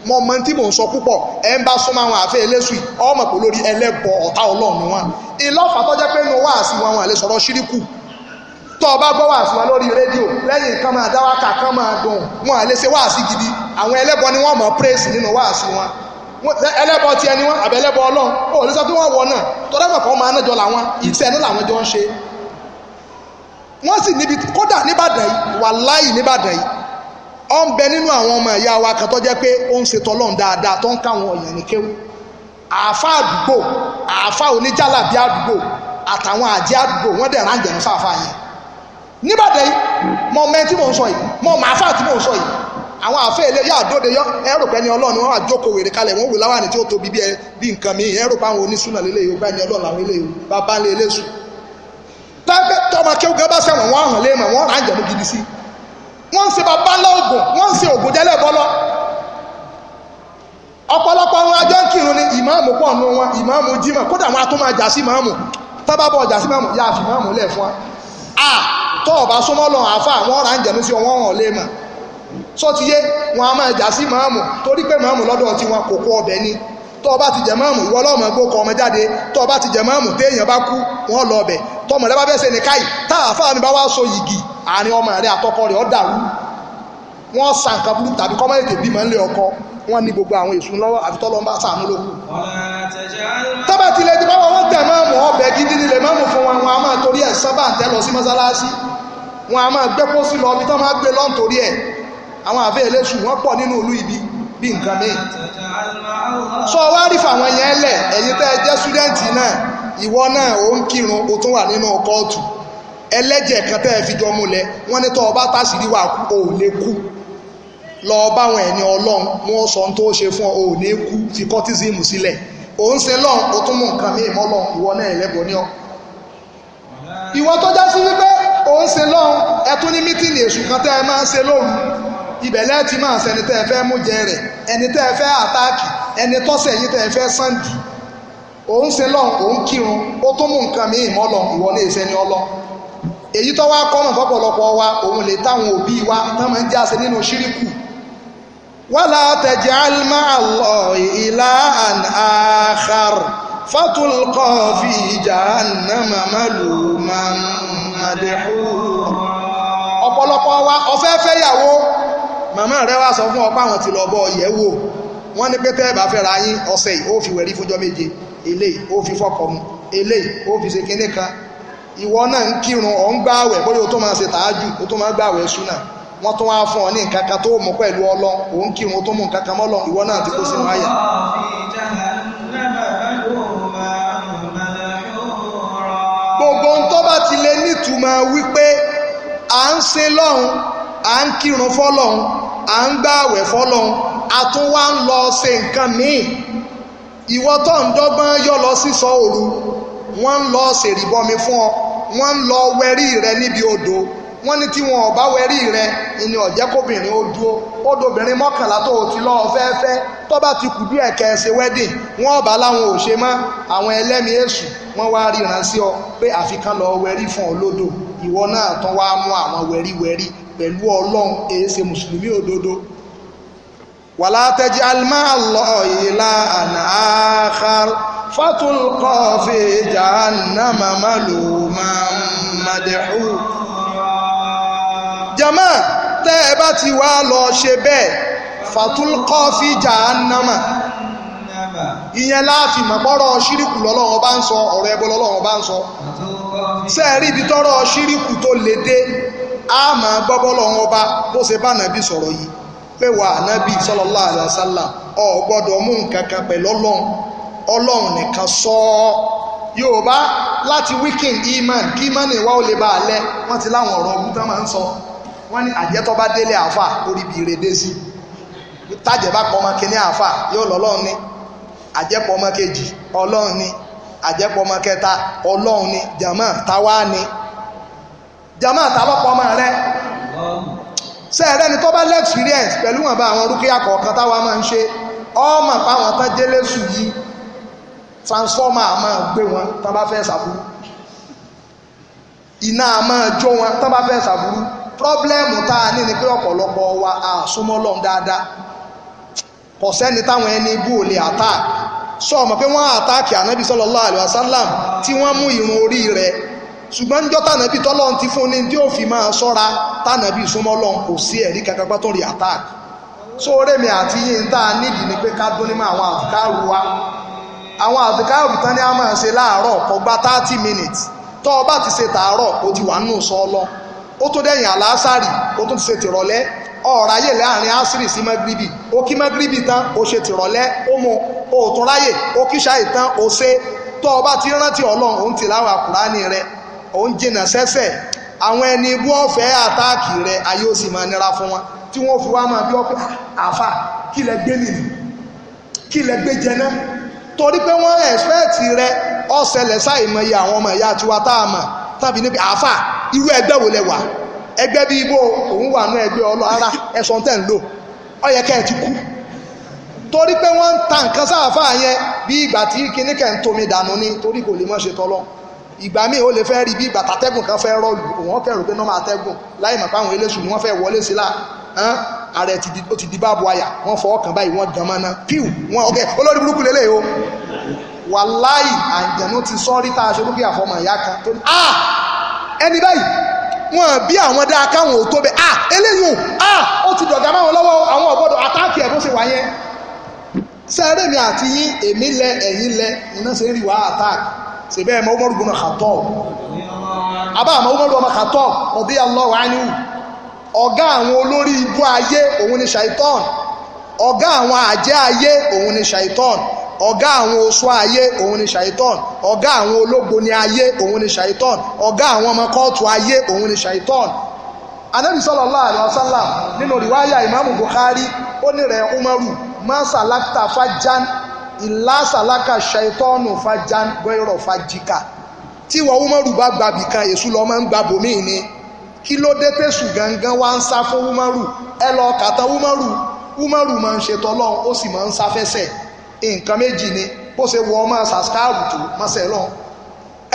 mọ mọ tí mò ń sọ púpọ̀ ẹ ń bá súnmọ́ àwọn àfẹ́ eléṣù yìí ọmọ kò lórí ẹlẹ́bọ ọ̀tá ọlọ́run wọn ìlọ́fà tọ́jẹ́ pé inú wáàsí wọn wọn àlè sọ̀rọ̀ ṣíríkù tọ́ ọba gbọ́ wàásù wa lórí rédíò lẹ́yìn kan máa dá wákà kan máa dùn wọn àlè ṣe wáàsí gidi àwọn ẹlẹ́bọ ni wọ́n mọ̀ praise nínú wáàsí wọn ẹlẹ́bọ tiẹ̀ ni wọ́n àbẹ̀ ẹlẹ́bọ ọlọ́run ó ní sọ pé wọ́n wọ náà tọ́lá mọ̀ kọ́ máa nájọ làwọn iṣẹ́ ní làwọn jọ ń ṣe wọ́n sì níbi kódà nìbàdàn yìí wàláhì nìbàdàn yìí ó ń bẹ nínú àwọn ọmọ ìyá wa kan tó jẹ́ pé ó ń ṣe tọ́lọ́run dáadáa tó ń káwọn èèyàn ní kéwù àáfà àdúgbò àáfà oníjàlábí àdúgbò àtàwọn àjẹ́ àdúgbò wọ́n dẹ̀ ráǹjẹ̀ ní fàáfàá yẹn nìbàdàn yìí mọ̀ mẹ́tí mò ń sọ yìí mọ̀ màáfà tí mò ń sọ yìí àwọn àfẹ́ ilé yà dóde yọ ẹ̀rọ ni ọlọ́run wọn àjókòó wèrè kalẹ̀ wọn wò láwàní tí ó tóbi bí ẹ bí nǹkan àwọn lélẹ̀ gbá àwọn eléṣù. tẹ́gbẹ́ kí ogun bá sẹ́wọ̀n wọn hàn lé mọ̀ rà jẹ̀mú sí. wọ́n ń bàbá ńlá ògùn wọ́n ń ògùn jẹ́lẹ̀ bọ́lọ́. sọ́tiyé wọn a máa jà sí màámù torí pé màámù lọ́dọ̀ tí wọn kò kó ọbẹ̀ ni tọ́ ọba ti jẹ màámù ìwọ ọlọ́mọ gbó kọ ọmọ jáde tọ́ ọba ti jẹ màámù téèyàn bá kú wọn lọ ọbẹ̀ tọmọ rẹ bá fẹ́ ṣe ní káyì tá àfáà mi bá wá so yìgì àárín ọmọ rẹ àtọkọ rẹ ọ dàrú wọn sàn kan burúkú tàbí kọ́mọ́ ètè bímọ ńlẹ̀ ọkọ wọn ní gbogbo àwọn èṣù lọ́wọ́ àfi tọ́lọ́ ń bá sàánú lókù. tọ́ba tilẹ̀ ti báwọn wọ́n tẹ̀ máa mú ọbẹ̀ gidi nílẹ̀ máa mú fún wọn wọn a máa torí ẹ̀ sábà tẹ́ lọ sí mọ́sálásí wọn a máa gbé pósí lọ ibi tó máa gbé lọ́n torí ẹ̀ àwọn àfẹ́ ẹlẹ́sù wọ́n pọ̀ nínú olú ibi bí nǹkan míì sọ wá rí fàwọn yẹn lẹ̀ ẹ̀yin tẹ́ ẹ jẹ́ súdẹ́ǹtì náà ìwọ náà ò ń kírun o tún wà nínú kóòtù ẹlẹ́jẹ̀ kan tẹ́ ẹ fi jọ múlẹ̀ wọ́n ní tọ́ ọba tàṣírí wà kú ò lè kú lọ bá àwọn ẹni ọlọ́run wọ́n sọ tó ṣe fún ọ ò ní kú fi kọ́tísìmù sílẹ̀ ò ń ṣe lọ́run o tún mú nǹkan míì mọ́ lọ́run ìwọ náà ẹlẹ́bọ ní ọ ìwọ tó já sí wípé ò ń ṣe lọ́run ẹ tún ní mítìnì èṣù kan tẹ́ ẹ máa ń ṣe lóru ibẹ̀ lẹ́ẹ̀tì máa ń sẹni tẹ́ ẹ fẹ́ mú jẹ rẹ̀ ẹni tẹ́ ẹ fẹ́ àtáàkì ẹni tọ́sẹ̀ yìí tẹ́ ẹ fẹ́ sàǹdì òun ṣe lọ́n òun kírun ó tún mú nǹkan míì mọ́ ìwọlé ìṣẹ́ni ọlọ́ èyí tó wá kọ́nà fọ́pọ̀lọpọ̀ wa òun lè táwọn òbí wa tán máa ń jáse nínú ṣíríkù wala taj'al ma'a Allahi ilahan akhar fatulqa fi jahannama maluman madhura ọ̀pọ̀lọpọ̀ wa ọ̀fẹ́ fẹ́yàwó màmá rẹ wá sọ fún ọ àwọn ti lọ bọ wọn ní pé tẹ́ẹ̀ bá fi wẹ̀rí fúnjọ́ méje eléyìí o fi fọkọ̀ mu o fi se kinní kan ìwọ náà ń kírun ọ̀ ń gbààwẹ̀ bóyá o tó máa ṣe tààjù o tó máa gbààwẹ̀ súnà wọ́n fún ọ ní nǹkan kan tó pẹ̀lú ọlọ́ kírun o tó mú nǹkan kan ìwọ náà ti kó gbogbo ń à ń gbá àwẹ̀ fọ́lọ́hún a tún wá ń lọ ṣe nǹkan míì ìwọ tó ń dọ́gbọ́n yọ lọ sísọ òru wọ́n ń lọ ṣèrìbọmi fún ọ wọ́n ń lọ wẹ́rí rẹ níbi odò wọ́n ní tí wọn ò bá wẹ́rí rẹ ìní ọ̀jẹ́kóbìnrin ó dúró odòbìnrin mọ́kànlá tó o ti lọ́ọ́ fẹ́ẹ́fẹ́ tó bá ti kù díẹ̀ kẹ́ẹ̀ṣe wedding wọ́n ọ̀bá láwọn ò ṣe mọ́ àwọn ẹlẹ́mìí èṣù wọ́n wá ríran sí ọ pé àfikán lọ wẹ́rí fún ọ lódò ìwọ náà tán wá mú àwọn wẹ́rí wẹ́rí pẹ̀lú ọlọ́run èé ṣe mùsùlùmí òdodo wàlá tẹ́jì almá lọ ìlà àná àkàr fàtúlkọ́ fi ìjà nàmà màlúmà màdẹ̀hù jama tẹ́ ẹ bá ti wá lọ ṣe bẹ́ẹ̀ fàtúlkọ́ fi ìjà nàmà ìyẹn láàfin mọ̀pọ̀rọ̀ ṣíríkù lọ́lọ́wọ́ bá ń sọ ọ̀rọ̀ ẹbọ lọ́lọ́wọ́ bá ń sọ sẹ́ẹ̀rí ibi tọ́rọ̀ ṣíríkù tó le dé a máa gbọ́ bọ́lọ́run ọba bó ṣe bá nàbí sọ̀rọ̀ yìí pé wà ànábì sallallahu ọ mú nǹkan kan pẹ̀lú ọlọ́run ọlọ́run nìkan sọ ọ́ yorùbá láti iman kí iman ìwá ò lè bá ti láwọn ọ̀rọ̀ máa ń sọ wọ́n ní àjẹtọ́ bá délé orí sí bá ní kejì ọlọ́run ní jama àtàlọ́pọ̀ ọmọ rẹ ṣe ẹ̀rẹ́ ni tó bá lẹ́ẹ̀sìrìẹ́sì pẹ̀lú wọn bá àwọn rúkìá kọ̀ọ̀kan táwa máa ń ṣe ọmọ páwọn tán jẹ́lẹ́sù yìí transformer a máa gbé wọn tán bá fẹ́ ṣàbúrú iná a máa jó wọn tán bá fẹ́ ṣàbúrú pírọ́blẹ́mù tá a ní ni pé ọ̀pọ̀lọpọ̀ wa a súnmọ́ lọ́n dáadáa kò sẹ́ni táwọn ẹni ibú ò lè attack sọ ọmọ pé wọ́n attack ànábì sallallahu alaihi wasallam tí wọ́n mú irun orí rẹ̀ ṣùgbọ́n níjọ́ tànàbí tọ́lọ́run ti fún ní tí ó fi máa sọ́ra tànàbí súnmọ́ lọ́hùn kò sí ẹ̀rí kankan pátó rí attack so rémi àti yín tá a nídìí ni pé ká dún ní máa àwọn àdìkárù wa àwọn àdìkárù tán ni a máa ṣe láàárọ̀ kò gba minutes tó o bá ti ṣe tààrọ̀ o ti wà nù sọ lọ ó tó dẹ̀yìn àlásàrì ó tó ti ṣe tìrọ̀lẹ́ ọ̀ráyè láàrin asiri sí magribi ó kí magribi tán ó ṣe tìrọ̀lẹ́ ó mu ó ráyè ó kíṣà ìtàn ó ṣe tó o bá ti rántí ọlọ́run òun ti láwọn àkùrá ní rẹ̀ ò ń jìnà sẹ́sẹ̀ àwọn ẹni ibú ọ̀fẹ́ àtáàkì rẹ ayé ó sì máa nira fún wọn tí wọ́n fi wá máa bí ọ̀fẹ́ àfà kí lẹ gbé nìyí kí lẹ gbé jẹ náà torí pé wọ́n ẹ̀sẹ̀tì rẹ ọ̀sẹ̀lẹ̀ sáìmọye àwọn ọmọ ìyá tiwa tá a mọ̀ tàbí níbi àfà irú ẹgbẹ́ wo lẹ wà ẹgbẹ́ bí ibò òun wà ní ẹgbẹ́ ọlọ́ ara ẹ̀sán tẹ̀ ń lò ọ̀yẹ̀kẹ́ ẹ̀ ti kú torí pé wọ́n ń ta nǹkan sáàfà yẹn bí ìgbà tí kíníkẹ̀ ń tomi dànù ni torí kò lè mọ́ ṣe tọ́lọ́ ìgbà míì ó lè fẹ́ rí bí ìgbà tàtẹ́gùn kan fẹ́ rọ́ọ̀lù òun kẹrù pé nọ́mà àtẹ́gùn láì mọ̀ páwọn eléṣù ni wọ́n fẹ́ wọlé sí láà ààrẹ ó ti di báàbò àyà wọ́n fọwọ́ kàn báyìí wọ́n gan mọ́ná píù wọ́n ọ̀gẹ́ olórí burúkú lélẹ̀ o wàláì àjẹ̀nú ti sọ́rí tá a ṣe dúkìá fọmọ ìyá kan tó ní ah ẹni báyìí wọn bí àwọn dáa káwọn ò tó bẹ ah eléyìí ah ó ti dọ̀gá máwọn lọ́wọ́ àwọn ọ̀gbọ́dọ̀ àtàkì ẹ̀ bó ṣe wà yẹn sẹ́rẹ̀mí àti yín èmi lẹ ẹ̀yìn lẹ iná ṣe ń rí wàá ṣèbẹ́ ẹ̀mọ́ Umaru ibn Khattab abá àmọ́ Umaru ọmọ Khattab radiyallahu anhu ọ̀gá àwọn olórí ibú ayé òun ni shaitan ọ̀gá àwọn àjẹ́ ayé òun ni shaitan ọ̀gá àwọn oṣù ayé òun ni shaitan ọ̀gá àwọn ológboni ayé òun ni shaitan ọ̀gá àwọn ọmọ kóòtù ayé òun ni shaitan anabi sallallahu alaihi wasallam ìlàsàlákà ṣàìtọ́nù fàjàgbọ́rọ̀ fàjìkà tí wọ́n Umaru bá gba bìkan èṣù lọ́ máa ń gba bòmí ni kí ló dé tẹ̀sù gangan wá ń sá fún Umaru ẹ lọ kàtà Umaru Umaru máa ń ṣètò ọlọ́run ó sì máa ń sáfẹ́sẹ̀ nǹkan méjì ni bó ṣe wọ ọmọ sàskáàrù tó mọ́sẹ̀ lọ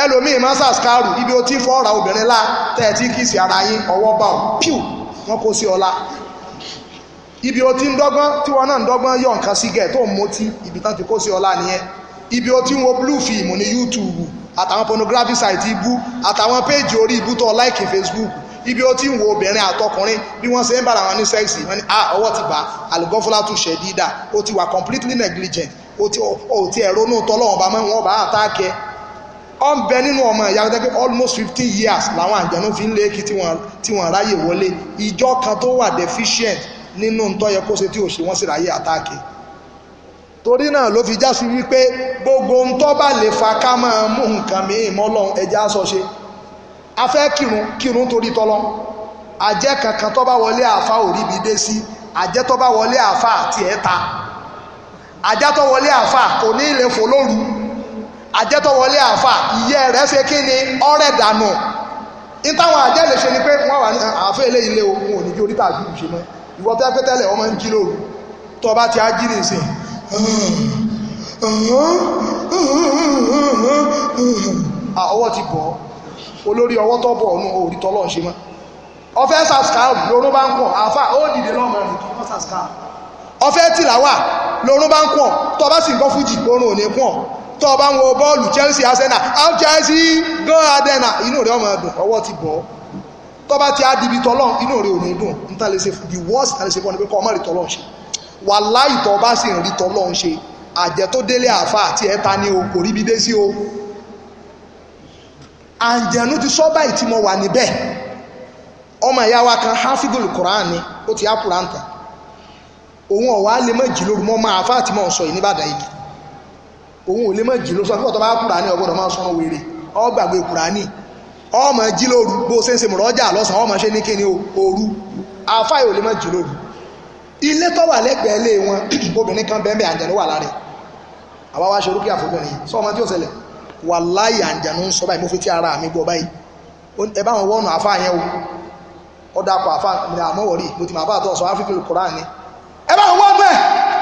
ẹlòmíì máa sàskáàrù ibi ó ti fọ́ra obìnrin lá tẹ́ẹ̀ tí kìí sí ara yín ọwọ́ bá ọ píù ibi o ti ń dọ́gbọ́n tí wọ́n náà ń dọ́gbọ́n yọ nǹkan sí gẹ̀ tó ń mutí ibi tán ti kó sí ọlá nìyẹn ibi o ti ń wo blue film ní YouTube àtàwọn pornography site ibu. àtàwọn péèjì orí ibú tó like Facebook ibi o ti ń wo obìnrin àtọkùnrin bí wọ́n ṣe ń bára wọn ní sẹ́ẹ̀sì wọ́n ní ah ọwọ́ ti bá àlùgọ́fúlà tún ṣẹ̀ dídà o ti wà completely negligent o ti o ti ẹ̀rọ inú tọ́lọ́wọ́n bá wọn bá àtàkẹ́ ọ ń bẹ nínú ọmọ ìyá wọ́n almost fifteen years làwọn àjẹnú fi ń lé kí tí wọ́n ráyè wọlé ìjọ kan tó wà deficient nínú ntọ́ yẹ kó ṣe tí ò ṣe wọ́n sì ráyè àtáàkì torí náà ló fi jásí wípé gbogbo ntọ́ bá lè fa ká máa mú nǹkan míì mọ́lọ́n ẹja sọ ṣe a fẹ́ kírun kírun torí tọ́lọ́ àjẹ́ kankan tó bá wọlé àfa ò ríbi dé sí àjẹ́ tó bá wọlé àfa àti ẹ̀ àjẹ́ tó wọlé àfa kò ní ilẹ̀ fò lóru àjẹ́ tó wọlé àfa ìyẹ́ rẹ̀ ṣe kí ni ọ̀rẹ́ dànù ìtàwọn àjẹ́ lè ṣe ni pé wọ́n wà ní àfẹ́ eléyìí lé o wọn bí oríta àbí ìṣe ìwọ tó pẹ́ tẹ́lẹ̀ ọmọ ń jí lóru tó bá ti á jí nìsìn ọwọ́ ti bọ̀ olórí ọwọ́ tó bọ̀ ọ̀nà orí tọ́lọ̀ ṣe mọ́ ọfẹ́ sàskàrù lórún bá ń pọ̀ àfà ó dìde lọ́mọ rẹ̀ tó bọ́ sàskàrù ọfẹ́ tìlàwà lórún bá ń pọ̀ tó bá sì ń gbọ́ fújì lórún òní pọ̀ tó bá ń wo bọ́ọ̀lù Chelsea Arsenal out Chelsea go Adena inú rẹ̀ ọmọ ẹ̀dùn ọwọ́ ti bọ̀ ọ́ tó bá ti á di ibi tọ́lọ́ inú rẹ̀ ò ní dùn n ta lè ṣe the worst ta lè ṣe fún ọ ni pé kọ́ ọmọ rí tọ́lọ́ ṣe wàláì tó bá sì ń rí tọ́lọ́ ṣe àjẹ́ tó délé àfa àti ẹ̀ta ni o kò ríbi dé sí o àǹjẹ̀nu ti sọ́ báyìí tí mo wà níbẹ̀ ọmọ ìyá wa kan hafidul Quran ni ó ti á kùráǹtà òun ọ̀wá lè mọ̀ jì lóru mọ́ máa fáàtì mọ́ sọ yìí níbàdàn igi òun ò lè mọ̀ jì lóru sọ fún ọ̀tọ̀ bá kùránì ọgbọ́dọ̀ máa sọ wèrè ọgbàgbé kùránì ọmọ jí lóru bó ṣe ń ṣe mọ̀rọ́jà lọ́sàn ọmọ ṣe ní kíni òru àáfà yóò lè ile jí ilé tó wà lẹ́gbẹ̀ẹ́ wọn obìnrin kan bẹ́ẹ̀ bẹ́ẹ̀ wà lára àwa wá ṣe yìí sọ ọmọ tí ó ṣẹlẹ̀ wà láì ń sọ fi ti ara mi gbọ́ báyìí ẹ bá wọn wọ́nà yẹn o ó mo ti máa bá sọ ni ẹ bá wọn wọ́n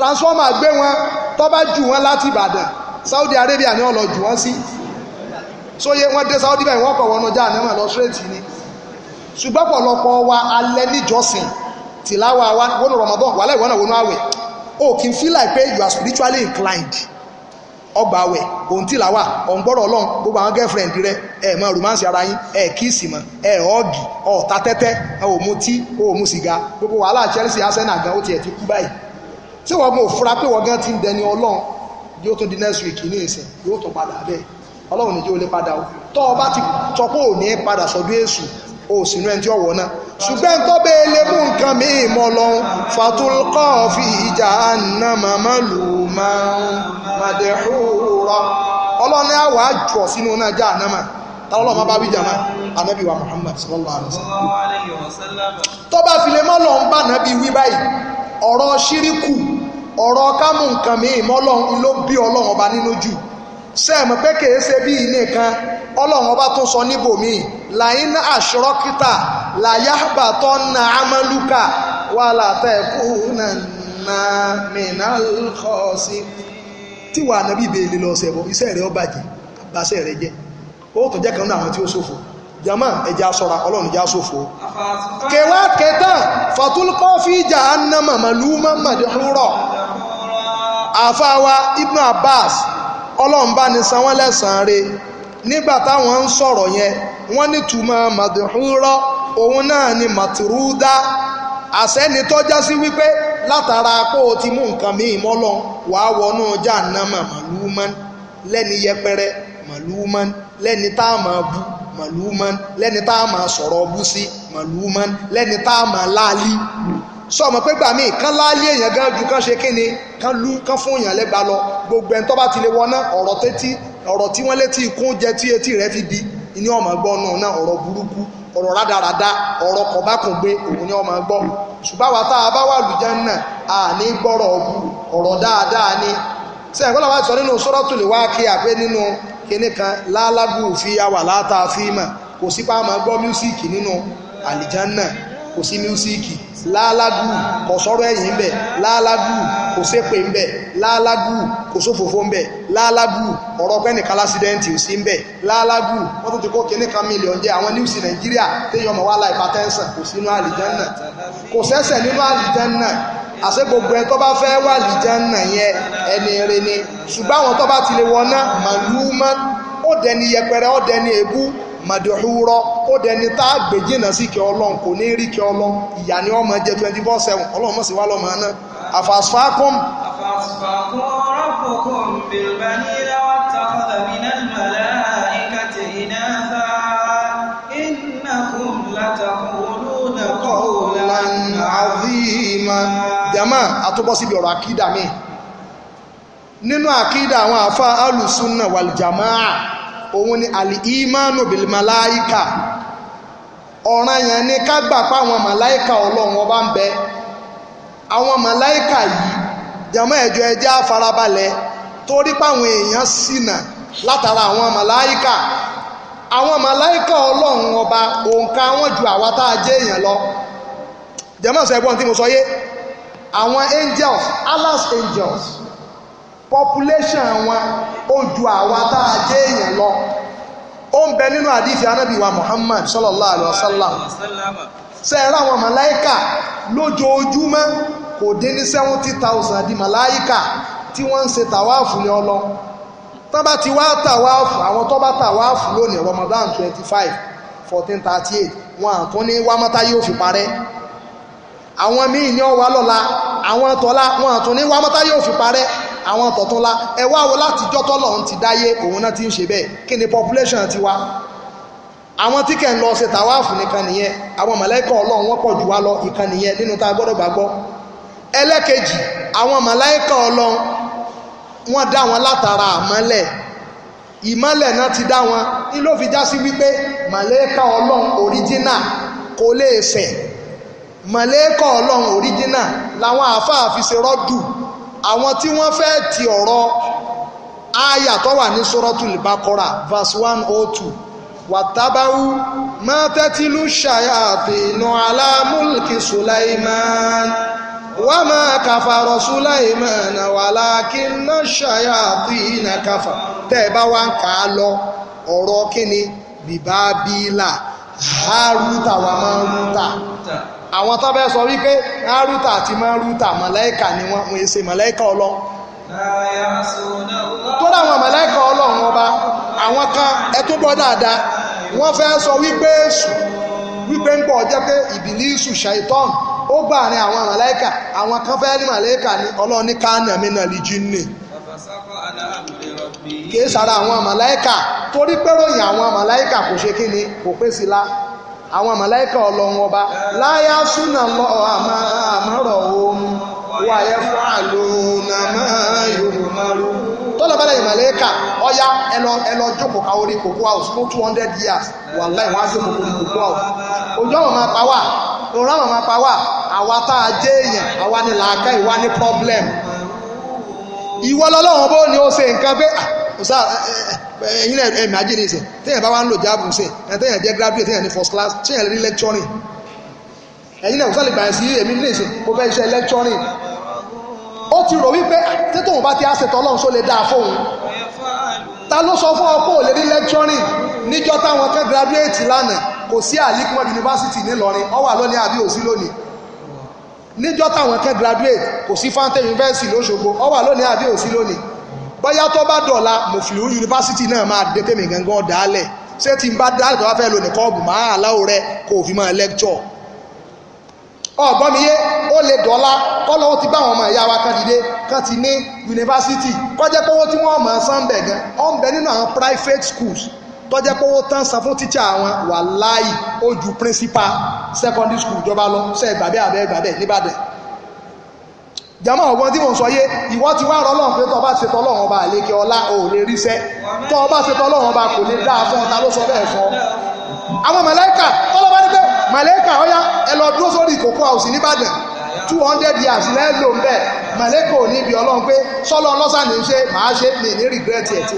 transformer gbé wọn tó bá jù wọn láti Ìbàdàn Saudi Arabia ni wọ́n lọ jù si sí sóye wọn dé Saudi bẹ́ẹ̀ wọ́n kọ̀ wọnú jáà lọ straight ni ṣùgbọ́n pọ̀lọpọ̀ wa alẹ́ níjọsìn tìláwa wa wọnú Ramadan wàhálà wọnú àwẹ̀ o kì í feel like pé you are spiritually inclined ọgbà àwẹ̀ òun tìláwa ọlọ́run gbogbo àwọn girlfriend rẹ ẹ mọ romance ara gbogbo wàhálà Chelsea Arsenal gan tí wọ́n gan òfura pé ti ń dẹni ọlọ́run yóò tún di next week ní ìsìn yóò tún padà ní ọlọ́run níjó lè padà o tọ ọ bá ti pé padà èṣù o ẹni náà ṣùgbọ́n lè mú nǹkan mọ́ fi ìjà màmá lù máa ń àjọ sínú náà táwọn bá wa Muhammad sallallahu alayhi wa sallam fi ọ̀rọ̀ ṣíríkù ọ̀rọ̀ kámú nǹkan mìíràn mọ́ ọlọ́run ló bí ọlọ́run ọba nínú jù sẹ́ẹ̀mù pé kèé ṣe bí nìkan ọlọ́run ọba tún sọ níbòmíì làyín àṣọrọ́kítà làyàbà tó na amálùkà wà látẹ̀kù nànà mìnàlùkọ́sí tí wà nábì bèèlè lọ sẹ̀bọ̀ iṣẹ́ rẹ̀ ó bàjẹ́ bàṣẹ́ rẹ̀ jẹ́ ó tó kan náà àwọn tí ó ṣòfò jama ẹja sọ́ra ọlọ́run já sófo kẹwàá kẹta fatulkọ́ fi jahannama maluma madhura àfáwa ibn abbas ọlọ́run bá ní san lẹ́sàn ń sọ̀rọ̀ yẹn wọ́n ní òun náà ni màtìrúdá àsẹ́ni tó já sí wípé látara pé o ti mú nǹkan wàá wọnú màlúùmán lẹ́ni tá a máa sọ̀rọ̀ ọbú sí màlúùmán lẹ́ni tá a máa láàlí sọmọ pé gbà míì kán láàlí èèyàn gan ju kán ṣe kí ni kán lú kán fún èèyàn lẹ́gba lọ gbogbo ẹni tó bá ti lè wọná ọ̀rọ̀ tẹ́tí ọ̀rọ̀ tí wọ́n létí ikú jẹ tí etí rẹ fi di ni ọmọ gbọ́ náà náà ọ̀rọ̀ burúkú ọ̀rọ̀ rádaràda ọ̀rọ̀ kọ̀bákùngbé òun ni ọmọ gbọ́ ṣùgbọ́n wa tá a bá wà lùjẹ́ náà a ní gbọ́rọ̀ ọ̀rọ̀ dáadáa ni sẹ́yìn kọ́lá wa sọ nínú suratul Waqi'a pé nínú kíní kan lálágù fi àwà látà fíìmà kò sí pa máa gbọ́ mísíkì nínú àlìjánà kò sí mísíkì lálágù kò sọ̀rọ̀ ẹ̀yìn ń bẹ̀ lálágù kò sépè ń bẹ̀ lálágù kò sófòfó ń bẹ̀ lálágù ọ̀rọ̀ pẹ́nìkan lásìdẹ́ǹtì ò sí ń bẹ̀ lálágù wọ́n tó ti kó kíní kan mílíọ̀n jẹ́ àwọn níwùsì nàìjíríà téèyàn mọ̀ wá láìpátẹ́ǹsàn kò sínú àlìjánà kò sẹ́sẹ̀ nínú àlìjánà àṣẹ gbogbo ẹ tó bá fẹ́ wà lìjánà yẹn ẹni rẹ ni ṣùgbọ́n àwọn tó bá ti lè wọná màlúùmán ó dẹni yẹpẹrẹ ó dẹni èébú màdùhúrọ ó dẹni tá a gbè jìnnà sí kí ọlọ́run kò ní rí kí ọlọ́run ìyà ni ọmọ jẹ twenty four seven ọlọ́run mọ̀ sí wa lọ́mọ náà àfàsfàkùn. àfàsfàkùn rabbukum bilbanina wattakhadha minal malaikati inatha innakum lataquluna qawlan azima jama àtúbọ̀ síbi ọ̀rọ̀ akida mi nínú àkídà àwọn àfa alùsùnà wàlìjàmá òun ni alìímánù bìlìmàláìkà ọ̀ràn yẹn ni ká gbà pé àwọn màláìkà ọlọ́run ọba ń bẹ àwọn màláìkà yìí jama ẹjọ ẹjẹ àfarabalẹ̀ torí páwọn èèyàn ṣìnà látara àwọn màláìkà àwọn màláìkà ọlọ́run ọba òǹkà wọn ju àwa tá a jẹ́ èèyàn lọ jama sọ tí mo sọ yé àwọn angels Allah's angels population wọn ó ju àwa tá a jẹ́ èèyàn lọ ó ń bẹ nínú àdìsí anábì wa Muhammad sallallahu alaihi wasallam. sallam sẹ́ẹ̀rọ àwọn màláìkà lójoojúmọ́ kò dín ní seventy thousand di màláìkà tí wọ́n ń ṣe tàwáàfù ní ọlọ tán bá ti wá tàwáàfù àwọn tó tàwáàfù lónìí Ramadan twenty five fourteen thirty eight wọn àtún ní wámọ́tá yóò fi parẹ́ àwọn míì ní ọwà lọ́la àwọn tọ́lá wọn àtún ní wámọ́tá yóò fi parẹ́ àwọn tọ̀túnla ẹ wá wo láti jọ́tọ́ lọ́hún ti dáyé òun náà ti ń ṣe bẹ́ẹ̀ kí ni population ti wá àwọn tí kẹ̀ ń lọ ṣe tàwáàfù nìkan nìyẹn àwọn màláíkà ọlọ́run wọ́n pọ̀ jù wá lọ ìkan nìyẹn nínú tá a gbọ́dọ̀ gbàgbọ́ ẹlẹ́kejì àwọn màláíkà ọlọ́run wọ́n dá wọn látara àmọ́lẹ̀ ìmọ́lẹ̀ náà ti dá wọn ní ló fi já sí wípé màláíkà ọlọ́run original kò lè fẹ̀ mọ̀lẹ́kọ̀ ọlọ́run òríjínà làwọn àáfàá fi ṣe rọ́dù àwọn tí wọ́n fẹ́ ti ọ̀rọ̀ àyà tó wà ní suratul Baqara verse one oh two wàtábáwú mọ́tẹ́tìlú ṣàyàtìnú alámúlùkì Sulaiman wà máa kàfàrọ̀ Sulaiman walakinna ṣàyàtìnà kàfà tẹ́ ẹ bá wá ń kà á lọ ọ̀rọ̀ kíni bíbá bílà hárúta wà máa ń rúta àwọn tó bẹ́ẹ̀ sọ wípé arúta àti mọ́rúta mọ̀lẹ́kà ni wọ́n wọ́n ṣe mọ̀lẹ́kà ọlọ́run tó dáwọn mọ̀lẹ́kà ọlọ́run ọba àwọn kan ẹtún bọ́ dáadáa wọ́n fẹ́ sọ wípé èṣù wípé ń bọ̀ jẹ́ pé ìbílísù ṣàìtọ́n ó gbà ní àwọn mọ̀lẹ́kà àwọn kan fẹ́ ní mọ̀lẹ́kà ni ọlọ́run ní kánà mi náà lè jí nì kì í sara àwọn mọ̀lẹ́kà torí pé ròyìn àwọn mọ̀lẹ́kà kò ṣe kí ni kò pèsè la àwọn màláìkà ọlọ́run ọba láyá súnà lọ àmà àmọ́rọ̀ ohun wà yẹ fún àlòrùn àmà yòrò márù tọ́lọ̀ bá lẹ́yìn màláìkà ọya ẹlọ ẹlọ jókòó ká orí cocoa house fún two hundred years wà láì wọ́n sí kòkó ní cocoa ojú àwọn máa pa wà òun àwọn máa pa wà àwa tá a jẹ́ èèyàn àwa ni làákà ìwà ní problem ìwọ bó ni ó ṣe nǹkan pé ah, ẹ̀yin náà ẹ imagine sẹ̀ téèyàn bá wá ń lò jáàbù sẹ̀ ẹ̀ téèyàn jẹ́ graduate téèyàn ní first class téèyàn rí lecturing ẹ̀yin náà sọ̀lẹ̀ bàyẹ̀ sí èmi ní ìsìn mo fẹ́ iṣẹ́ lecturing ó ti rò wípé ah, tètòun bá ti á ṣètò ọlọ́run só lè dáa fóun ta ló sọ fún ọ pé ò lè rí lecturing níjọ́ táwọn kan graduate lánàá kò sí àlíkùmọ̀ university nílọrin ọ wà lónìí àbí òsí lónìí níjọ́ táwọn kan graduate kò sí fountain university lóṣogbo ọ wà lónìí àbí òsí lónìí bóyá tó bá dọ̀la mòfìlú yunifásitì náà máa dé tèmi gangan dálẹ̀ ṣé tí n bá dálẹ̀ tó bá fẹ́ lo nìkan ọ̀bùn máa aláwọ̀ rẹ kó o fi máa lẹ́kítọ̀ ọ̀gbọ́n mi yé ó lè dọ̀la kọ́lọ́ ó ti bá àwọn ọmọ ìyá wa kan dìde kan ti ní yunifásitì kọ́jẹ́ pé owó tí wọ́n mọ̀ san bẹ̀ gan ó ń bẹ nínú àwọn private schools tọ́jẹ́ pé owó tán san fún tíṣà àwọn wàláì ó ju principal secondary school ìjọba lọ sẹ́ẹ̀gbàbẹ́ àbẹ́ ìgbàbẹ́ jama ọgbọ́n tí mo sọ yé ìwọ ti wá rọ lọ́run pé tọ́ bá ti ṣetọ́ lọ́run ọba àlékè ọlá ò lè ríṣẹ́ tọ́ ọba ṣetọ́ lọ́run ọba kò lè dáa fún ọta ló sọ bẹ́ẹ̀ fún ọ. àwọn màláíkà tọ́lọ́ bá ní pé màláíkà ọ̀yá ẹ lọ dúró sórí ìkókó àwòsí nìbàdàn two hundred years lẹ́ẹ̀lò ń bẹ̀ màláíkà ò ní ibi ọlọ́run pé sọ́lọ́ ọlọ́sàn ní ṣe màá ṣe mí ní regret ẹ̀ tí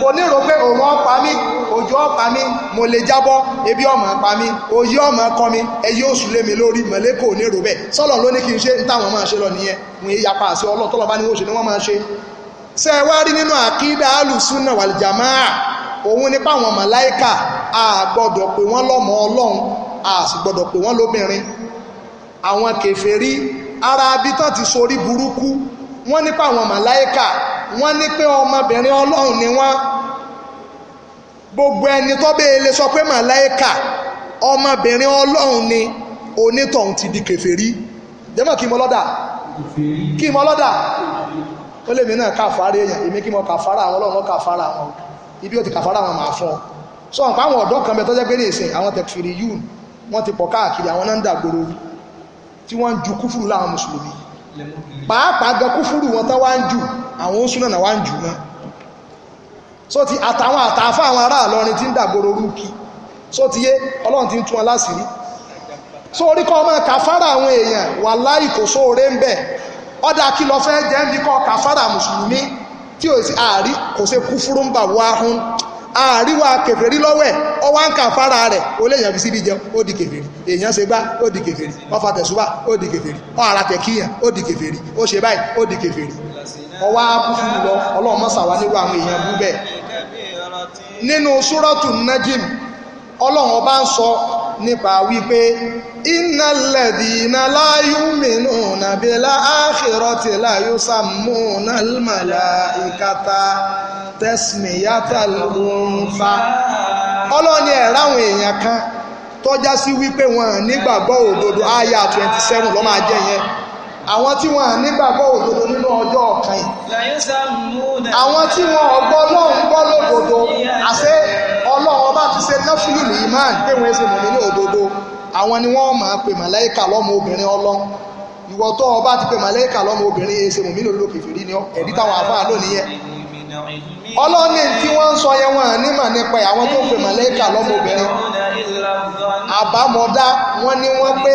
kò lérò pé òun ọ̀pá mi òjò ọ̀pá mi mo lè jábọ́ ebi ọmọ ọ̀pá mi òyì ọmọ ọkọ mi ẹyẹ oṣù lé mi lórí mọ̀lẹ́kọ̀ ò lérò bẹ́ẹ̀ sọ́lọ̀ ló ní kí n ṣe ní táwọn máa ṣe lọ nìyẹn wọn èyí apá àṣẹ ọlọ́tọ́lọ́ bá ní wọ́n ṣe ni wọ́n máa ṣe. ṣé ẹ wá rí nínú àkídà alùsùnà wàlìjàmáà òun ní páwọn màláìkà a gbọ́dọ̀ pé wọ́n lọ́mọ ọlọ́run a sì gbọ́dọ̀ pé wọ́n lóbìnrin àwọn kèfèrí ara abitán ti sorí burúkú wọ́n ní páwọn màláìkà wọ́n ní pé ọmọbìnrin ọlọ́run ni wọ́n gbogbo ẹni tó bẹ́ẹ̀ lè sọ pé màláìkà ọmọbìnrin ọlọ́run ni onítọ̀hún ti di kèfèrí jẹ́mọ̀ kí mo lọ́dà kí mo lọ́dà ó lè náà èèyàn èmi kí mo káfàárà àwọn ọlọ́run káfàárà ibi ó ti káfàárà fún ọ sọ nǹkan àwọn ọ̀dọ́ kan bẹ tọ́jẹ́ pé àwọn wọ́n ti pọ̀ káàkiri àwọn náà ń ju kúfùrù láwọn mùsùlùmí pàápàá gan kúfùrù wọn tán wá ń ju àwọn so ti àtàwọn àtàfà àwọn ará àlọrin tí ń dàgbòrò rúkì so ti yé ọlọ́run ti ń tún wọn láṣìírí so orí kọ́ ọmọ kàfàrà àwọn èèyàn wà láì kò sóore ń bẹ̀ ọ̀dà kí lọ fẹ́ jẹ́ ń bí kọ́ kàfàrà mùsùlùmí tí ò sí àárí kò ṣe kú fúrú ń bà wá hún àárí wa kèfèrí lọ́wọ́ ọ wá ń kàfàrà rẹ̀ ó lè fi síbi jẹun ó di kèfèrí èèyàn ṣe gbá ó di kèfèrí ó fa ó di kèfèrí ó ara ó di kèfèrí ó ṣe báyìí ó di kèfèrí ọwọ́ abúfúrú lọ ọlọ́run mọ́sàwá nílò àwọn èèyàn bú nínú súrọ́tù najim ọlọ́run ọba ń sọ nípa wípé iná lẹ̀dí iná láyú mìínú nàbí láàkìrọ̀tì láyú sàmú nàlmàlà ìkàtà tẹ́sìmìyàtà lóńfà ọlọ́ni ẹ̀rá àwọn èèyàn kan tọ́já sí wípé wọn nígbàgbọ́ àyà 27 jẹ́ yẹn àwọn tí wọ́n nígbàgbọ́ òdodo nínú ọjọ́ ọ̀kan yìí àwọn tí wọ́n ọgbọ́ ọlọ́run gbọ́ lódodo àṣẹ ọlọ́run ọba ti ṣe káfílù ní imán pé wọ́n ṣe mọ̀mí ní òdodo àwọn ni wọ́n máa pè màláìkà lọ́mọ obìnrin ọlọ́run ìwọ tó ọba ti pè màláìkà lọ́mọ obìnrin yìí ṣe mọ̀mí lòlò kẹfìrí ni ẹ̀rí táwọn àfáà lónìí yẹn ọlọ́ni tí wọ́n ń sọ yẹn wọ́n nímọ̀ nípa àwọn tó pè màláìkà lọ́mọ obìnrin àbámọ̀dá wọ́n ní wọ́n pé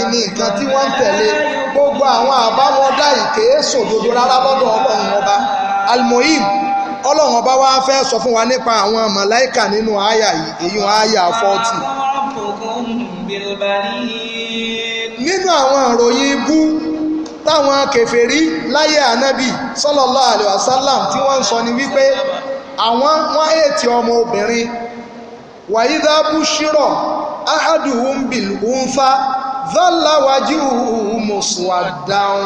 ìní nǹkan tí wọ́n ń tẹ̀lé gbogbo àwọn àbámọ̀dá ìkéésò dodo rárá lọ́dọ̀ ọlọ́run ọba almohim ọlọ́run ọba wa fẹ́ sọ fún wa nípa àwọn màláìkà nínú àyà yìí èyí wọn àyà fọ́ọ̀tì. nínú àwọn ìròyìn ibú táwọn kèfèrí láyé ànábì sallallahu alaihi wasallam tí wọ́n ń sọ ni wípé àwọn wọ́n ètì ọmọ obìnrin wàyídá búṣírọ̀ áhàdùhùn bìlúùnfà dhalla wajhuhu muswaddan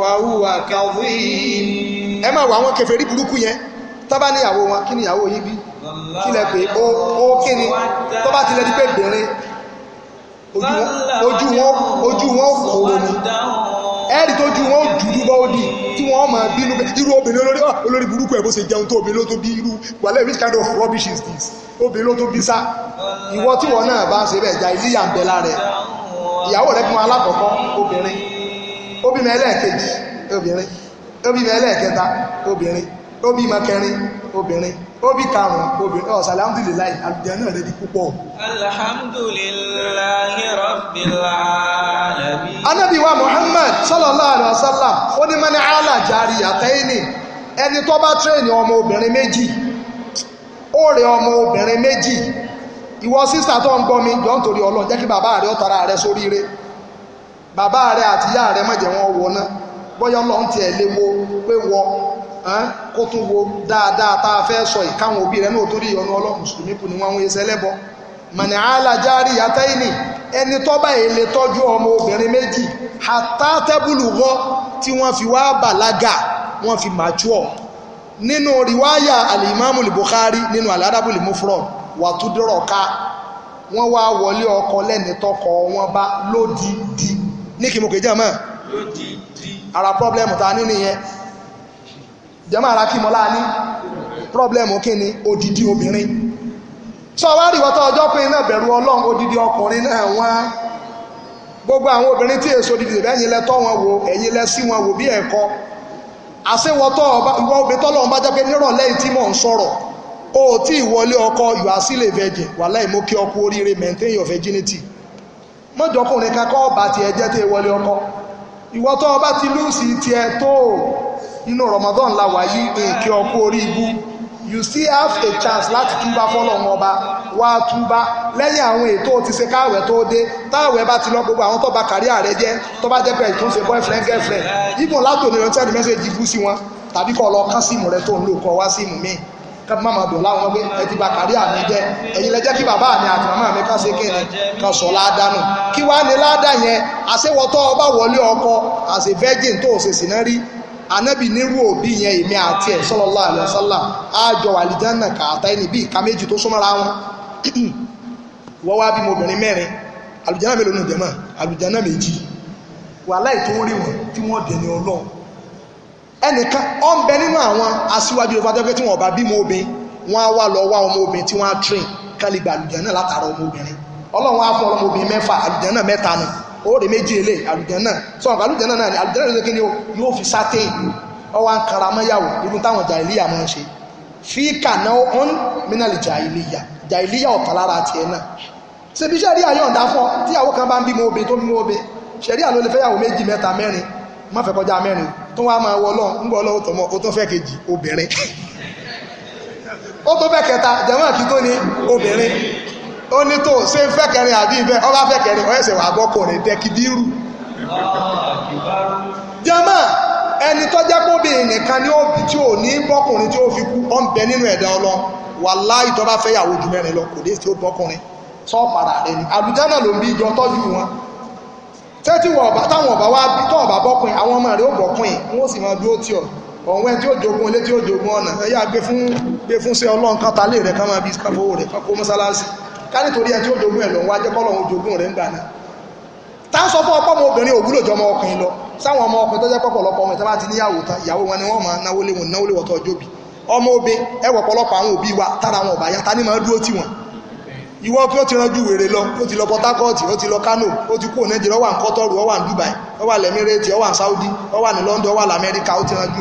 wa huwa kadhim ẹ máa wà àwọn kèfèrí burúkú yẹn tó bá níyàwó wọn kí níyàwó yìí bí kí lẹ pé ó ó kí ni tó bá ti lẹ di pé bẹ̀rẹ̀ ojú wọn kòrò ni ẹ̀rì tó ju wọn dúdú bá ó di tí wọ́n máa bínú irú obìnrin olórí ah, burúkú ẹ̀ jẹun tó obìnrin ló tó bí irú wàlẹ́ which kind of rubbish is this obìnrin ló tún bí sá ìwọ tí wọn náà bá ń ṣe bẹ́ẹ̀ jà ìlíyà ń bẹ lára ẹ̀ ìyàwó rẹ̀ bímọ alákọ̀ọ́kọ́ obìnrin ó bímọ ẹlẹ́ẹ̀kejì obìnrin ó bímọ ẹlẹ́ẹ̀kẹta obìnrin ó bímọ kẹrin obìnrin ó bí karùn-ún obìnrin ọ̀sà alhamdulilayi alùjẹ́ náà rẹ̀ di púpọ̀. alhamdulilayi wa muhammad sallallahu alayhi wa sallam ó ní mani ala jari àtẹ́yìnì ẹni tó bá tírẹ̀nì ọmọ obìnrin méjì ó rẹ ọmọ obìnrin méjì ìwọ sísà tó ń gbọ́ mi jọ ń torí ọlọ́run jẹ́ kí bàbá rẹ ọ̀tara rẹ sóríire bàbá rẹ àti ìyá rẹ má jẹ́ wọn wọ náà bóyá ọlọ́run tiẹ̀ lé wo pé wọ kó tún wo dáadáa tá a fẹ́ sọ ìkáwọn òbí rẹ náà torí ìyọnu ọlọ́run mùsùlùmí kù ni wọ́n ń ṣe lẹ́bọ mọ̀nà alájárí yàtẹ́yìnì ẹni tọ́ba fi wá nínú riwaya alimami Bukhari nínú aladabuli mufrod wàtúndọ̀rọ̀ka wọ́n wá wọlé ọkọ lẹ́ni tọkọ wọn bá lódìdí ní kí mo kè jẹ́mọ́ ara pọ́blẹ́mù ta nínú yẹn jẹ́mọ́ ara kí mọ́lá ní pọ́blẹ́mù kí ni odidi obìnrin sọ wá rí wọ́tọ́ ọjọ́ pé iná bẹ̀rù ọlọ́run odidi ọkùnrin náà wọ́n gbogbo àwọn obìnrin tí èso odidi ẹ̀yìn lẹ́tọ́ wọn wò ẹ̀yìn lẹ́sí wọn wò bí ẹ̀kọ́ àṣewọ́tọ́ ìwọ obìnrin tọ́lọ́run bá jẹ́ pé nírọ̀lẹ́ yìí tí mò ń sọ̀rọ̀ o tí ìwọlé ọkọ you are still a virgin wàláhì mo kí ọkọ oríire maintain your virginity mọ́jọkùnrin kakọ́ ọba tiẹ̀ jẹ́ tí ìwọlé ọkọ ìwọ tọ́ ọba ti lùsì tiẹ̀ tó inú Ramadan la wà yí nǹkí ọkọ orí ibú you still have a chance láti túbá fọlọ́run ọba wá túbá lẹ́yìn àwọn ètò ti ṣe káwẹ̀ tó dé táwẹ̀ bá ti lọ gbogbo àwọn tó bá kárí ààrẹ jẹ́ tó bá jẹ́ pé ìtún ṣe boyfriend girlfriend even látò ní ọtí àdìmẹ́sẹ̀jì bú sí wọn tàbí kọ́ lọ kán síìmù rẹ tó ń lò kọ́ wá síìmù míì ká má máa dùn láwọn pé ẹ ti bà kárí àmì jẹ́ ẹ̀yin lẹ jẹ́ kí bàbá mi àti màmá mi ká ṣe kéde kan sọ ládánù kí wàá ní ládà yẹn àṣewọtọ ọba wọlé ọkọ àṣe tó ṣèṣìná rí anabi nírú òbí yẹn èmi àti ẹ̀ sallallahu alaihi wasallam àjọ àlìjánà kàtà ẹni bí ìka méjì tó súnmọ́ra wọn wọ́n wá bí mo obìnrin mẹ́rin àlùjánà mélòó nù jẹ́mọ̀ àlùjánà méjì wàláì tó rí wọn tí wọ́n dẹ̀ ní ọlọ́ ẹnìkan ọ ń bẹ nínú àwọn aṣíwájú ìfọwọ́jọ́ pé tí wọ́n bá bímọ obìnrin wọ́n á wá lọ wá ọmọ tí wọ́n á train kálígbà àlùjánà látara ọmọ ọlọ́run á fún ọmọ mẹ́fà àlùjánà mẹ́ta náà ó rè méjì èlé àlùjànnà sọ̀rọ̀ àlùjànnà náà ni àlùjànnà ló ṣe o yóò fi sáté ọwọ́ ń kara mọ́yàwó irú táwọn jàìlíyà máa ṣe fíkà náà ọ̀n mínàlì jàìlíyà jàìlíyà ọ̀tà lára tiẹ̀ náà ṣebí sẹ́ríà yọ̀ǹda fún tíyàwó kan bá ń bímọ obe tó bímọ obe sẹ́ríà ló lè fẹ́yàwó méjì mẹ́ta mẹ́rin má fẹ́ kọjá mẹ́rin tó wá máa wọ ń gbọ́ ó ní tó ṣe ń fẹ́ kẹrin àbí ìfẹ́ ọba fẹ́ kẹrin ọ̀ẹ́sẹ̀ wà bọ́ kò rẹ̀ dẹ́kí jama ẹni tó jẹ́ kó bìnrin nìkan ní òbí tí ò ní bọ́kùnrin tí ó fi kú ó ń bẹ nínú ẹ̀dá ọlọ́run wàláhì tó bá fẹ́ yàwó ju mẹ́rin lọ kò dé sí ó bọ́kùnrin tó padà rẹ̀ ni àlùjánnà ló ń bí ìjọ tọ́jú wọn tẹ́tí táwọn ọba wá bí ọba bọ́kùnrin àwọn ọmọ rẹ̀ ó bọ́kùnrin wọ́n sì máa dúró tì ọ́ ọ̀wẹ́ tí ó jogun ilé tí ó jogun ọ̀nà ẹ̀yà gbé fún sí ọlọ́run kan lè rẹ̀ ká máa bí mọ́sálásí ká nítorí ẹ tí ó jogún ẹ̀ lọ wá jẹ́ jogún rẹ̀ ńgbà náà ta ń sọ fún ọ̀pọ̀ ọmọ obìnrin òwúlò jọ ọmọ ọkùnrin lọ sáwọn ọmọ ọkùnrin tó jẹ́ pọ̀pọ̀lọpọ̀ ọmọ ìtàn bá ti níyàwó ta ìyàwó wọn ni wọ́n máa náwó náwó tó ọmọ obe ẹwọ̀ pọ̀lọpọ̀ àwọn òbí wa tára wọn ta ni máa dúró tì wọn ìwọ tí ó ti ranjú wèrè lọ ó lọ Port ó ti lọ Kano ó ti kúrò wà Kọ́tọ́rù wà Dubai wà lẹ́mírẹ́tì wà Saudi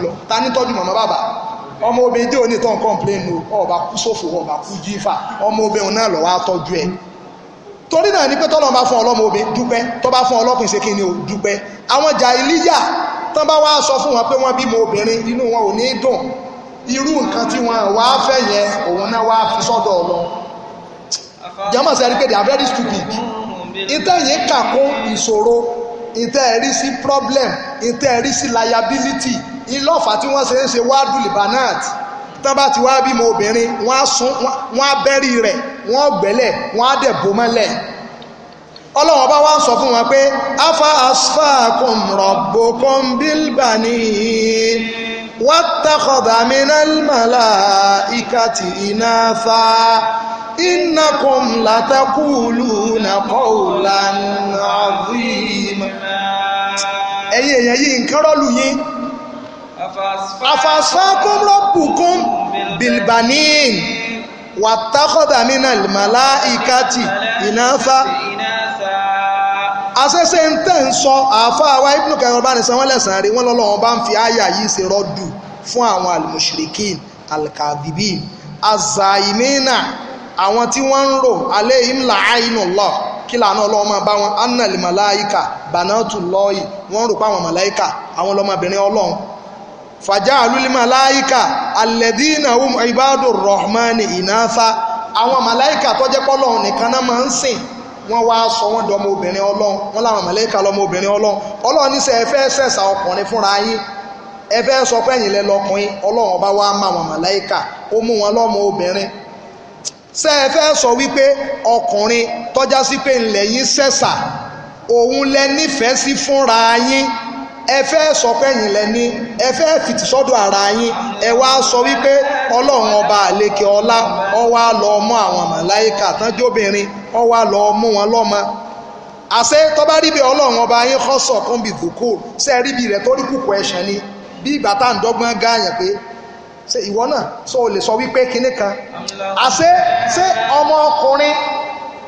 lọ ta tọ́jú ọmọ obìnrin tí ò ní tán complain o ọba kú sófò ọba kú jífà ọmọ obìnrin náà lọ́wọ́ àtọ́jú ẹ̀ torí náà ni pé tọ́lọ́n bá fún ọlọ́mọ obìnrin dúpẹ́ tọ́ bá fún ọlọ́kùnrin ṣe kí ni o dúpẹ́ àwọn jàhílíyà tán bá wá sọ fún wọn pé wọ́n bímọ obìnrin inú wọn ò ní dùn irú nǹkan tí wọ́n wá fẹ́ yẹn òun náà wá fi sọ́dọ̀ lọ jẹ́mọ̀ sẹ́rí pé they are very stupid ìtẹ̀yìn kàkún ìṣòro ìtẹ́ ẹ̀rí sí problem ìtẹ́ ẹ̀rí sí liability ìlọ́fà tí wọ́n ṣe ń ṣe wádùn libanat tán bá ti wá bímọ obìnrin wọ́n á sún wọ́n á bẹ́rí rẹ̀ wọ́n á gbẹ́lẹ̀ wọ́n á dẹ̀ bò mọ́lẹ̀ ọlọ́wọ́n bá wá ń sọ fún wọn pé afa asfaakum rabbukum bilbani wattakhadha minal malaikati inatha innakum latakuluna qawlan azim ẹ̀yin èèyàn yìí nǹkan rọ́ọ̀lù yín afasfakum rabbukum bilbanin wàtàkọ̀dà nínà ìmàlá ìkàtì ìnáfà asẹ́sẹ́ ń tẹ̀ ń sọ àáfàá wa ibùdó kan ọba nìsan wọn lẹ́sàn-án rí wọn lọ́lọ́wọ́n bá ń fi àyà yìí ṣe rọ́dù fún àwọn almushrikin alkadibin azaimina àwọn tí wọ́n ń rò alẹ́ ìmìlà àìnù lọ kí lànà ọlọ́wọ́ máa bá wọn annal malaika banatu lọ́ọ̀yì wọ́n rò páwọn malaika àwọn ọlọ́mọbìnrin ọlọ́run fàjá àlúlí malaika rahmani àwọn malaika tó jẹ́ pọ́lọ́run nìkan náà máa ń sìn wọ́n wá sọ wọ́n dọmọ obìnrin ọlọ́run wọ́n láwọn lọmọ obìnrin ọlọ́run ọlọ́run ní sẹ́ sẹ̀sà ọkùnrin fúnra yín ọlọ́run ọba ṣé ẹ fẹ́ sọ wípé ọkùnrin tọ́já sí pé ńlẹ̀ yín sẹ́sà òun lẹ nífẹ̀ẹ́ sí fúnra yín ẹ fẹ́ sọ pé ẹ̀yìn lẹ ní ẹ fẹ́ fìtì sọ́dọ̀ ara yín ẹ wá sọ wípé ọlọ́run ọba àlekè ọlá ó wá lọ mú àwọn màláìkà tánjóbìnrin ó wá lọ mú wọn lọ́mọ àṣẹ tọ́ba ríbi ọlọ́run ọba yín kọ́ sọ̀kan bìdùkú ṣe ríbi rẹ̀ tó rí kùkù ẹ̀ṣẹ̀ ni bí ìgbà tá à ń dọ́gbọ́n gáàyàn pé ṣe ìwọ náà sọ ò lè sọ wípé kinní kan àṣé ṣe ọmọ ọkùnrin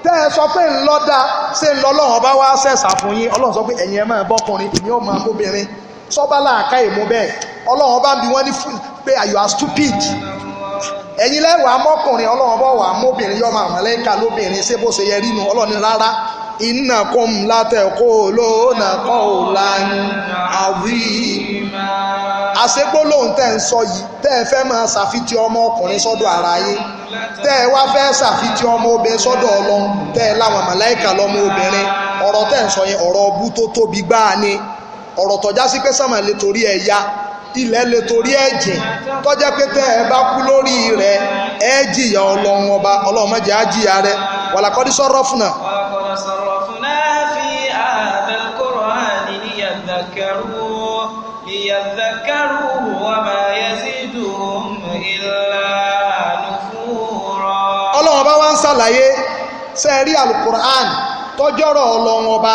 tẹ́ ẹ sọ pé ńlọ́dà lọ ńlọ́lọ́hàn bá wá ṣẹ̀ṣà fún yín ọlọ́run sọ pé ẹ̀yin ẹ máa bọ́kùnrin èmi ò máa bóbìnrin sọ́bà láàká ìmú bẹ́ẹ̀ ọlọ́run bá ń bi wọ́n ní pé you are stupid ẹ̀yin lẹ́wọ̀ amọ́kùnrin ọlọ́run bọ̀ wà mọ́bìnrin yọ máa mọ̀lẹ́ka lóbìnrin ṣé bó ṣe yẹ rí nu ọlọ́run rárá iná kọ́m látẹ̀kọ́ lónà kọ́ ọ̀la àwìn. àṣegbólóhùn tẹ́ ń sọ yìí tẹ́ ẹ fẹ́ máa ṣàfitì ọmọ ọkùnrin sọ́dọ̀ ara yín tẹ́ ẹ wá fẹ́ ṣàfitì ọmọ obìnrin sọ́dọ̀ ọlọ tẹ́ ẹ láwọn màláìkà lọ́mọ obìnrin ọ̀rọ̀ tẹ́ ń sọ yẹn ọ̀rọ̀ ọbú tó tóbi gbáà ni ọ̀rọ̀ tọ́já sí pé sàmà lè torí ẹ̀ ya ilẹ̀ lè torí ẹ̀ jìn tọ́já pé tẹ́ ẹ bá kú lórí rẹ̀ ẹ jìyà ọlọ́run ọba ọlọ́run má jẹ́ á jìyà rẹ̀ ṣàlàyé sẹ́ẹ̀rí alukur'an tọ́jọ́rọ̀ ọlọ́run ọba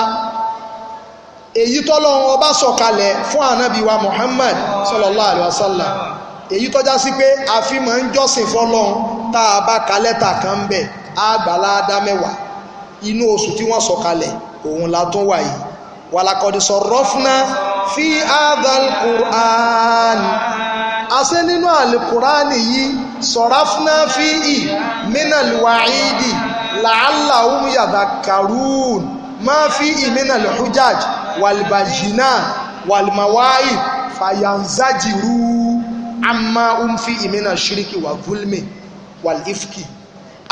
èyí tọ́lọ́run ọba sọ̀kalẹ̀ fún ànábì Muhammad sallallahu alaihi wasallam èyí tọ́já sí pé a fi máa ń jọ́sìn fọ́lọ́run tá a bá ka lẹ́tà kan ń bẹ̀ á gbà láàdá mẹ́wàá inú oṣù tí wọ́n sọ̀kalẹ̀ òun la tún wà yìí wàlàkọ̀dì sọ̀rọ̀ fúnná fi adal qur'an àṣẹ nínú alukur'an yìí sọ̀ráfúná fi ì mínàlùwà ìdì làálàhùn yàdàkàrún máa fi ì mínàlùhújáj wàlìbàjìnà wàlìmàwáì fàyànzájìrú àmà ń fi ìmínà ṣíríkì wà gúlmì wàlìfkì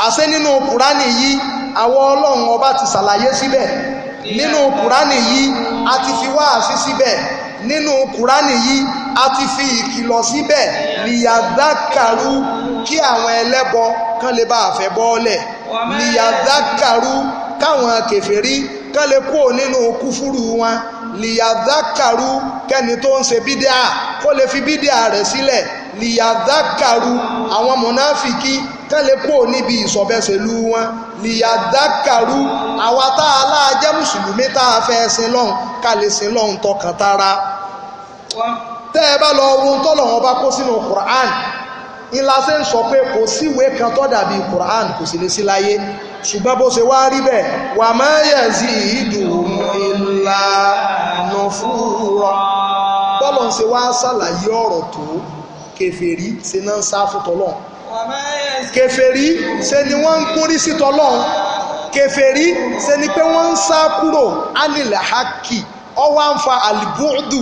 àṣẹ nínú kùránì yìí àwọn ọlọ́run ọba ti ṣàlàyé síbẹ̀ nínú kùránì yìí a ti fi wáàsí síbẹ̀ nínú kùránì yìí a ti fi ìkìlọ̀ síbẹ̀ lìyàdákàrú kí àwọn ẹlẹ́bọ kán lè bá àfẹ́ bọ́ọ̀lẹ̀ lìyàdákàrú káwọn kèfèrí kán lè kúrò nínú kúfúrú wọn lìyàdákàrú kẹ́ni tó ń ṣe bídíà kó lè fi bídíà rẹ̀ sílẹ̀ lìyàdákàrú àwọn mọ̀náfìkì kán lè kúrò níbi ìsọ̀bẹsẹ̀lú wọn lìyàdákàrú àwa tá a láàjẹ́ mùsùlùmí tá a fẹ́ sin lọ́hùn ká lè sin lọ́hùn tọkàntara tẹ́ ẹ bá lọ wo tọ́lọ̀ wọn bá kó sínú Quran ìlà ṣe ń sọ pé kò síwé kan tó dàbí Quran kò sì lè sí láyé ṣùgbọ́n bó ṣe wá rí bẹ́ẹ̀ wà máa yẹ̀ sí ìdùnnú ìlànà fúnra bọ́lọ̀ ń ṣe wá ṣàlàyé ọ̀rọ̀ tó kèfèrí ṣe náà ń sá ni pé wọ́n ń sá kúrò ánìlẹ̀ hákì ọwọ́ ń fa àlìbúdù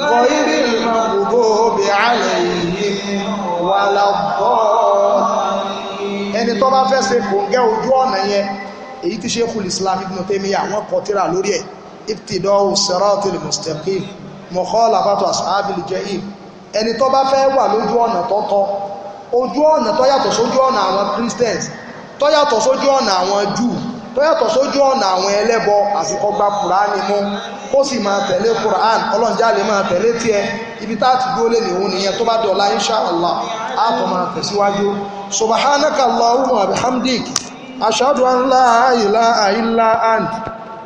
غير المغضوب عليهم ولا الضالين ẹni tó bá fẹ́ ṣe kòǹgẹ́ ojú ọ̀nà yẹn èyí tí Sheikhul Islam Ibn Taymiyyah àwọn kọ tírà lórí ẹ̀ iktidau siratil mustaqim mukhalafatu ashabil jahim ẹni tó bá fẹ́ wà lójú ọ̀nà tọ́tọ́ ojú ọ̀nà tó yàtọ̀ sójú ọ̀nà àwọn Christians tó yàtọ̀ sójú ọ̀nà àwọn Jews tó yàtọ̀ sójú ọ̀nà àwọn ẹlẹ́bọ àsìkò gba kùránì mú kó sì máa tẹ̀lé kùránì ọlọ́njà lè máa tẹ̀lé tiẹ̀ ibi tá a ti dúró lè nìhun nìyẹn tó bá dọ̀la insha allah á máa tẹ̀síwájú subhanaka allahumma wa bihamdik ashhadu an la ilaha illa ant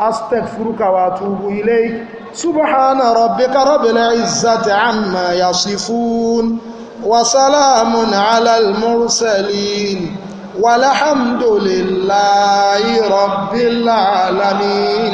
astaghfiruka wa atubu ilayk subhana rabbika rabbil izzati amma yasifun wa salamun mursalin walhamdulillahi rabbil alamin